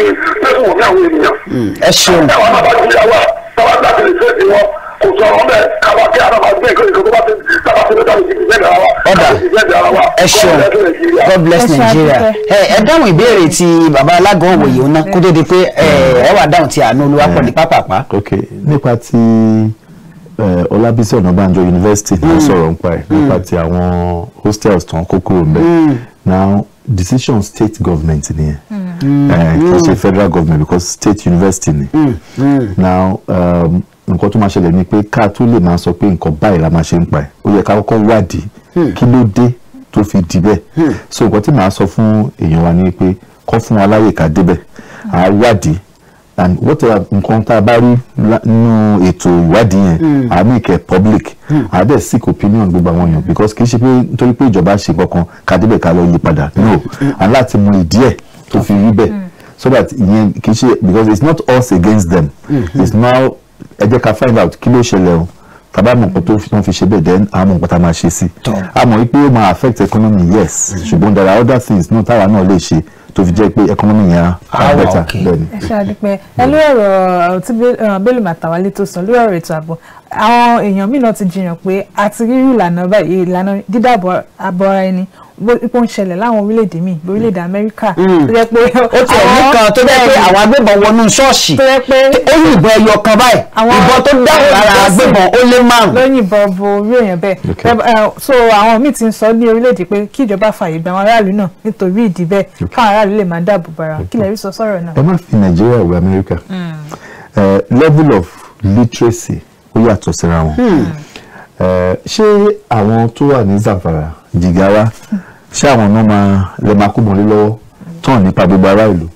yẹn lẹ́kùn wò ní ọ̀dà ẹ God bless Nigeria. ẹ dáhùn ìbéèrè ti bàbá alágan òwòye ọ̀nà kó tó di pé ẹ wà dáhùn ti àánú olúwapọ̀ ní pápápá. ok nípa ti Ọlábísí Ọ̀nàbànjọ yunifásitì náà mm. sọ̀rọ̀ nípa ẹ̀ nípa mm. ti àwọn hostels tó ń kó kúrò mm. now decision state government nìyẹn hmm. eh, hmm. kì í ṣe federal government because state university ni hmm. now um, nǹkan tó máa ṣẹlẹ̀ ni pé ká tó lè máa sọ pé nǹkan báyìí la máa ṣe ń pa ẹ̀ ó yẹ ká kọ́kọ́ wádìí kí ló dé tó fi di bẹ́ẹ̀ so nǹkan tí màá sọ fún èèyàn wa ni pé kọ́ fún wa láyè ká débẹ̀ àá wádìí and whatever nǹkan tá a bá rí nínú ètò ìwádìí yẹn hmm. a make it public hmm. a dẹ̀ seek opinion gbogbo àwọn èèyàn because kì í ṣe pé nítorí pé ìjọba ṣe kankan ká débẹ̀ ká lọ yí no hmm. and láti mú ìdí ẹ̀ tó fi rí bẹ́ẹ̀ so that ìyẹn kì í ṣe because it's not us against them mm. it's now ẹ jẹ́ ká find out kí ló ṣẹlẹ̀ o tàbá mọ̀ nǹkan tó wọ́n fi ṣe bẹ́ẹ̀ then a mọ̀ nǹkan tá a máa ṣe sí i a mọ̀ wípé ó máa affect economy yes ṣùgbọ́n there are other things náà táwa náà lè ṣe tó fi jẹ́ pé ẹkọ́nọ́mì yẹn á ah, bẹ̀tà bẹ́ẹ̀ni. ẹ ṣe àdúpẹ́ ẹ lórí ọ̀rọ̀ tí Bello eh, Matawalle tó sọ lórí ọ̀rọ̀ ètò ààbò àwọn èèyàn míì ti jiyàn pé àti rírú ìlànà ìlànà dídáàbò àbọ̀ ara ẹni bó ń ṣẹlẹ̀ láwọn orílẹ̀-èdè míì lórílẹ̀-èdè amẹ́ríkà. Mm. tó jẹ́ pé ó ti ẹ̀mí kan tó jẹ́ pé àwọn agbébọn wọnú ṣọ́ọ̀ṣì tó jẹ́ pé ó yìnbọn ẹyọ kan báyìí ìbọn tó dáhùn lára agbébọn ó lé márùn. ló yìnbọn bo orí èèyàn bẹ́ẹ̀ so àwọn míì ti ń sọ ní orílẹ̀-èdè pé kí ìjọba fààyè gba àwọn aráàlú náà nítorí ìdí bẹ́ẹ̀ káwọn aráàlú lè máa dáàbò bara kí lè rí sọ sọ̀rọ̀ náà. ẹ má fi hmm. eh, level of literacy ó yàtọ̀ síra wọn hmm. eh, ṣé àwọn tó wà ní zamfara jigawa hmm ṣé àwọn náà máa lè máa kú bọ̀lé lọ́wọ́ tán nípa gbogbo ará ìlú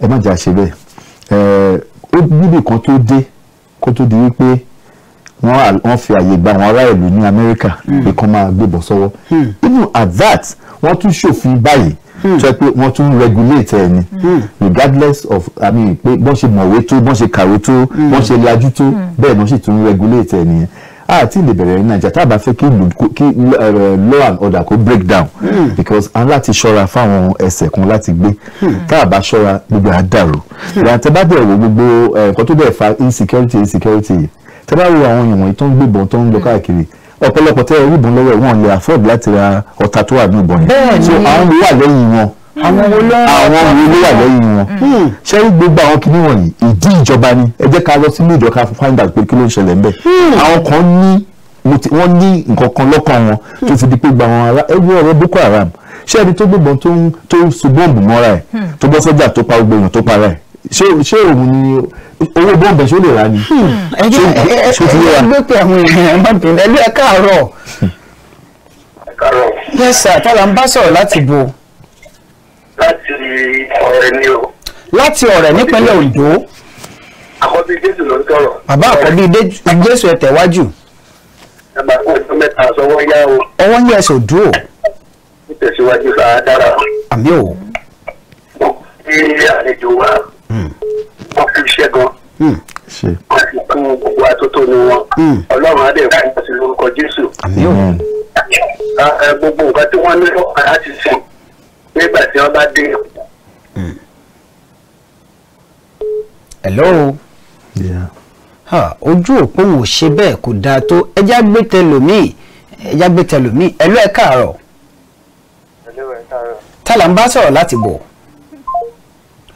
ẹ má jà ṣe bẹ́ẹ̀ ó níbi kan tó dé kó tó di wípé wọ́n fi àyè gba àwọn ará ìlú ní Amẹ́ríkà hmm. pé kán máa gbébọn sọ́wọ́ hmm. even at that wọ́n tún ṣòfin báyìí sọ hmm. pé wọ́n tún regulate ẹni regardless of i mean pé bọ́n ṣe mọ̀wé tó bọ́n ṣe kàwé tó bọ́n ṣe lajú tó bẹ́ẹ̀ náà sì tún regulate ẹni yẹn àti ah, ilé bẹ̀rẹ̀ ní nàìjíríà tá a bá fẹ́ kí eh, law and order kó break down hmm. because a láti ṣọ́ra fáwọn ẹsẹ̀ kan láti gbé hmm. tá a bá ṣọ́ra gbogbo àdàrú hmm. ìrántẹ́ bá bẹ̀rẹ̀ wo gbogbo eh, nǹkan tó bẹ̀rẹ̀ fa insecurity insecurity tẹ́ bá wo àwọn èèyàn wọ̀nyí tó ń gbébọn tó ń lọ káàkiri ọ̀pọ̀lọpọ̀ tẹ́ ẹ rí ìbọn lọ́wọ́ wọn lè afford láti ra ọ̀tá tó wà ní ìbọn yẹn so àwọn wà lẹ́yìn wọn àwọn olóyún àwọn olóyún wà lẹ́yìn wọn ṣé gbogbo àwọn kinní wọ̀nyí ìdí ìjọba ni ẹ jẹ́ ká lọ sínú ìjọ ká find out pé kí ló ń ṣẹlẹ̀ ń bẹ̀ àwọn kan ní wọ́n ní nǹkan kan lọ́kàn wọn tó ti di pé gba àwọn ará ẹgbẹ́ ọ̀rọ̀ Boko Haram ṣé ẹni tó gbébọn tó ń tó ń so bọ́ǹbù mọ́ra ẹ̀ tó bọ́ sọ́jà tó pa gbogbo èèyàn tó para ẹ̀ ṣé òun ni owó bọ́ǹbù ṣó lè rà ni. ṣé ti yé wa. ẹgbẹ́ pé àwọn èèyàn máa bẹ̀rẹ̀ ẹlú ẹ káàárọ̀. ẹ káàárọ̀. yẹ́sà tọ́lá ń bá sọ̀rọ̀ láti bo láti ọ̀rẹ́ ni o. láti ọ̀rẹ́ nípínlẹ̀ Ondo. àkọ́bí Jésù ló ń sọ̀rọ̀. bàbá àkọ́bí Jésù ẹ tẹ̀wájú. bàbá kò tó mẹ́ta sọ́wọ́ yá o. ọwọ́ yẹ ẹsẹ̀ òdu o. nítẹ̀síwájú là á dára. àmì o. mo fi àlejò wa. mo hmm. fi iṣẹ́ gan. Hmm. wọ́n ti kún gbogbo atótó ni wọn. Hmm. ọlọ́run á dẹ̀ fún wọn sí lórúkọ Jésù. àmì o. Ah, eh, gbogbo nǹkan tí wọ́n ní lọ́kàn láti sìn nígbà tí wọ́n bá dé hello. Yeah. ha ojú òpó wò ṣe bẹ́ẹ̀ kò dáa tó ẹja gbé tẹlòmíì ẹja gbé tẹlòmíì hello ẹ káàárọ̀. hello ẹ káàárọ̀. tálà ń bá sọ̀rọ̀ láti bọ̀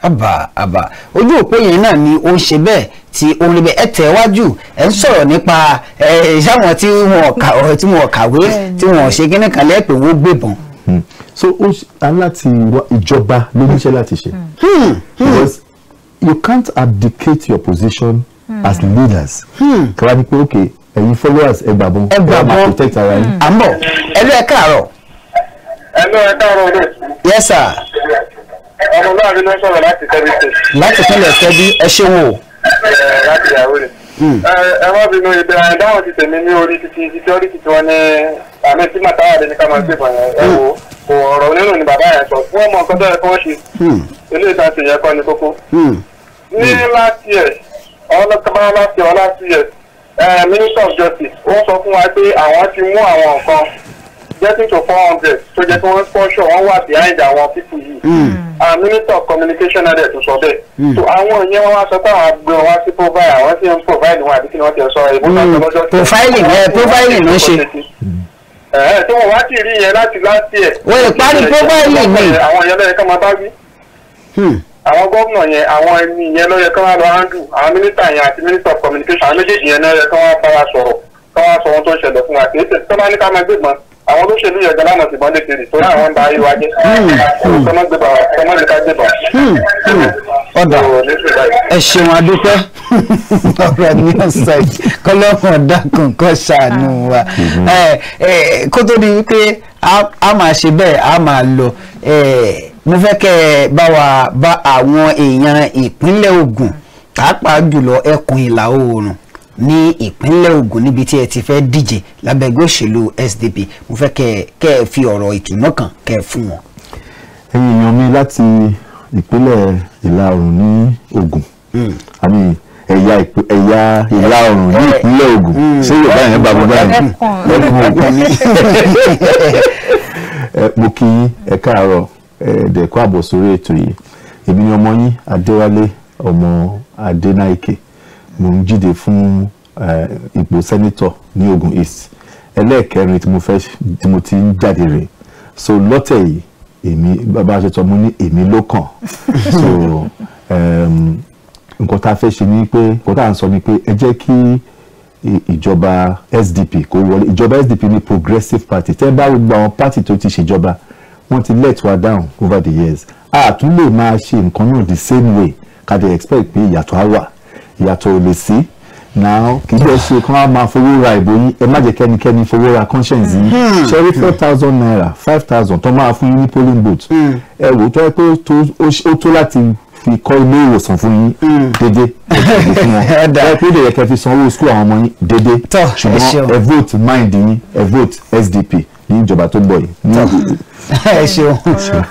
àbà àbà ojú òpó yẹn náà ni ó ń ṣe bẹ́ẹ̀ tí òun lè bẹ ẹ tẹ̀ wájú ẹ ń sọ̀rọ̀ nípa ẹ ìṣàwọn tí wọn kàwé tí wọn ṣe kíní kan lẹ́ẹ̀pẹ̀ wọ́n gbébọn. Hmm so ó aláti ìjọba ló níṣẹ́ láti ṣe hmm. Hmm. because you can't abdicate your position mm. as leaders hmm. kí wàá di pé okay ẹ̀yin followers ẹ gbàgbọ́ ẹ gbàgbọ́ protect ara yín. àmọ́ ẹlú ẹ káàárọ̀. ẹlú ẹ yes sir. ọmọ náà ni wọ́n sọ̀rọ̀ láti kẹ́bí tẹ̀. láti kẹ́lẹ̀ kẹ́bí ẹ ṣe wò. Eh, láti yàwó rẹ̀. Eh, ẹ wá bínú ìbí ẹ dáhùn ti tèmi ní orí títí títí orí títí wọn ní àmì tí màtáwà lè ní ká máa gbé bọ̀ yẹn ẹ wò kò ọ̀rọ̀ onírò ni bàbá yẹn sọ fún ọmọ nǹkan tó yẹ kí wọ́n ṣe hmm. ilé ìta sì kọ́ ni kókó. Hmm. ní láti ẹ̀ ọlọ́kọ̀bá láti ọ̀ láti ẹ̀ minister of justice ó sọ fún wa pé àwọn ti mú àwọn nǹkan getting to four hundred tó jẹ́ kí wọ́n sponsor wọ́n wà behind àwọn people yìí. Hmm. and minister of communication náà dẹ̀ sọ bẹ́ẹ̀. so àwọn ìyẹn wọn wá sọ pé àwọn gbé wọn sí provide àwọn sì ń provide wọn àbí kí ni wọ́n ti sọ ìbúdó àti ọlọ́jọ́ ẹ tó wọn wá sì rí yẹn láti láti ẹ. wọ́n lè parí programme mi. àwọn yẹn lọ́yẹ kán máa bá wí. Hmm. àwọn gómìnà yẹn àwọn ẹni yẹn lọ́yẹ kán máa lọ handle àwọn mínísítà yẹn àti minister of communication àwọn méjèèjì yẹn lọ́yẹ kán máa bá wa sọ̀rọ̀ kán wá sọ ohun tó ń ṣẹlẹ̀ fún wa kì í ṣe tó bá ní ká máa gbé gbọ́n àwọn olóṣèlú yẹn gan lánàá tìbọn lè tèrè torí àwọn ń ba ayé wa jẹ tọmọgbẹba tọmọgbẹka gbẹba. ọ̀dà ẹ ṣeun adúpẹ́ [LAUGHS] ọ̀rọ̀ ní ọ̀sẹ̀ kọ́lọ́kàn dákun kọ́ ṣàánú wa hmm. kó tó di wípé a máa ṣe bẹ́ẹ̀ a máa lọ mo fẹ́ kẹ́ ẹ bá wa bá àwọn èèyàn ìpínlẹ̀ Ògùn pàápàá jùlọ ẹkùn ìlà oòrùn ní ìpínlẹ̀ Ògùn níbi tí ẹ ti fẹ́ díje lábẹ́ òṣèlú SDP mo fẹ́ kẹ́ ẹ fi ọ̀rọ̀ ìtùnú kan kẹ́ ẹ fún wọn. ẹ̀yin èèyàn mi láti ìpínlẹ̀ ìlà oòrùn ní Ògùn hmm. àmì ẹ̀yà ẹ̀yà ìlà oòrùn ní ìpínlẹ̀ Ògùn hmm. ṣé Yorùbá yẹn bá mo bá yẹn lẹ́kùn mo kí ẹ káàárọ̀ ẹ̀ẹ́dẹ̀kọ́ àbọ̀ ètò yìí èmi ni ọmọ yín Adéwálé ọmọ Adénáìkè mo ń jíde fún eh, ipò sẹ́nítọ̀ ní Ogun East ẹlẹ́ẹ̀kẹrin tí mo fẹ́ tí mo ti ń jáde rè so lọ́tẹ̀ yìí èmi bàbá ṣe mo ní èmi ló kàn [LAUGHS] so ehm, nǹkan tá a fẹ́ ṣe ni pé nǹkan tá à sọ ni pé ẹ jẹ́ kí ìjọba SDP kó wọlé ìjọba SDP ni progressive party tẹ́ bá gbogbo àwọn party tó ti ṣèjọba wọ́n ti let wa down over the years a tún lè máa ṣe nǹkan náà the same way ká dey expect pé ìyàtọ̀ á wà ìyàtọ̀ ò lè sí now kì í jẹ́ ṣe kí wọ́n máa fowó ra ìbò yín ẹ má jẹ́ kẹ́nikẹ́ni fowó ra conscience yín hmm. ṣẹ́rí four thousand naira five thousand tó máa fún yín ní polling booth hmm. ẹ wò tó yẹ pé ó tó láti fi kọ́ ilé ìwòsàn fún yín hmm. dédé ẹ̀jẹ̀ fún wọn [LAUGHS] ẹ pé ìdẹ̀yẹ kẹ́ fi sanwó school àwọn ọmọ yín dédé ṣùgbọ́n ẹ vote mind yín ẹ vote SDP ní ìjọba tó bọ̀ yìí. ẹ ṣeun. ọ̀rọ̀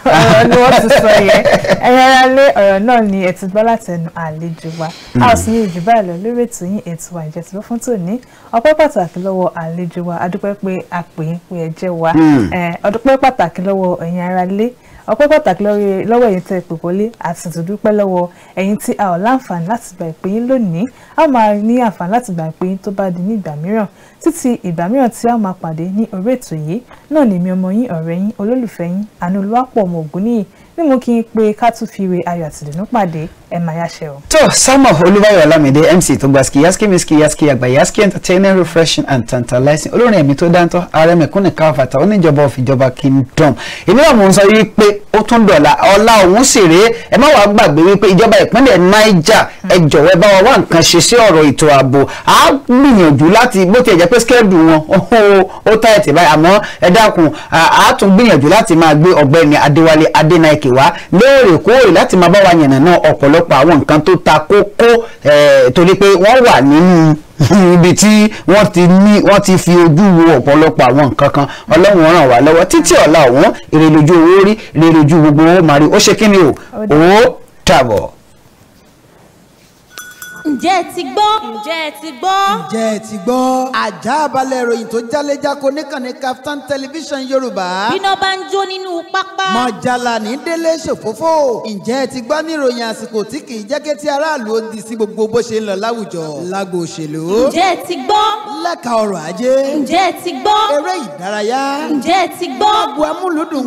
ni wọ́n ti sọ yẹn ẹ̀yẹ́ alẹ́ ọ̀rọ̀ náà ni ẹ̀ ti gbọ́ látẹnu àlejò wa a ò sì ní ìjù báyìí lọ lórí ètò yín ètò àjẹsílẹ̀ fún tòní ọpẹ́ pàtàkì lọ́wọ́ àlejò wa adúpẹ́ pé a pè ẹ jẹ́ wa hmm. ọdúpẹ́ pàtàkì lọ́wọ́ ẹ̀yin aráalé ọpẹ́ pàtàkì lọ́wọ́ ẹ̀yin tẹ́ pè wọlé àti ìdúpẹ́ lọ́wọ́ ẹ̀yin tí a ò láǹfààní láti gba ìpè yín lónìí a máa ní àǹfààní láti gba ìpè yín tó bá di ní ìgbà mìíràn títí ìgbà mìíràn tí a máa pàdé ní orí ètò yìí náà ni mi ọmọ yín ọ̀rẹ́ yín olólùfẹ́ yín Àánú Olúwápọ̀ ọmọ Ògúnníyì bí mo kí n pe ká tún fi ìwé ayọ̀ àtìdùnnú pàdé ẹ máa yáṣẹ o. tó Samuel Olúbáyọ̀ Ọlámídé MC tó gba skiyaski miski yaski àgbà yaski entertaining refreshing and tantalizing olórin ẹ̀mí tó dáńtọ́ ààrẹ mẹ̀kúnnì káfàtà oníjọba òfìjọba kingdom èmi náà mò ń sọ yìí pé ó tún dọ̀la ọlá òun sì rèé ẹ má wàá gbàgbé wípé ìjọba ìpínlẹ̀ Niger ẹ jọ̀wọ́ ẹ bá wa wá nǹkan ṣe sí ọ̀rọ̀ ètò ààbò á gbìyànjú láti bó ti ẹ̀ jẹ́ pé skẹ́ẹ̀dù wọn [LAUGHS] ó tá ẹ̀ tì báyìí àmọ́ ẹ dákun á tún gbìyànjú láti máa gbé ọ̀gbẹ́ni Adéwálé Adénáìkè pè wá lóòrèkóòrè láti máa bá wa yànnàná ọ̀pọ̀lọpọ̀ àwọn nǹkan tó ta kókó torí pé wọ́n wà nínú [LAUGHS] ibi tí wọ́n ti ní wọ́n ti fi ojú wo ọ̀pọ̀lọpọ̀ àwọn nǹkan kan ọlọ́run ràn wá lọ́wọ́ títí ọ̀la ọ̀hún èrè lójú owó rí èrè lójú gbogbo owó mari ó ṣe kí ni o ó dàbọ̀ ǹjẹ́ ẹ ti gbọ́. ǹjẹ́ ẹ ti gbọ́. ǹjẹ́ ẹ ti gbọ́. àjà balẹ̀ ìròyìn tó jálẹ̀jáko níkànnì Kaftan television yorùbá. bíná bá ń jó nínú pápá. mọ̀jàlá ní délé ṣòfófó. ǹjẹ́ ẹ ti gbọ́ ní ìròyìn àsìkò tí kì í jẹ́ kí ti aráàlú ó di sí gbogbo bó ṣe ń lọ láwùjọ. lágbo òṣèlú. ǹjẹ́ ẹ ti gbọ́. lẹ́ka ọrọ̀ ajé. ǹjẹ́ ẹ ti gbọ́. eré ìdárayá. ǹjẹ́ ẹ ti gbọ́.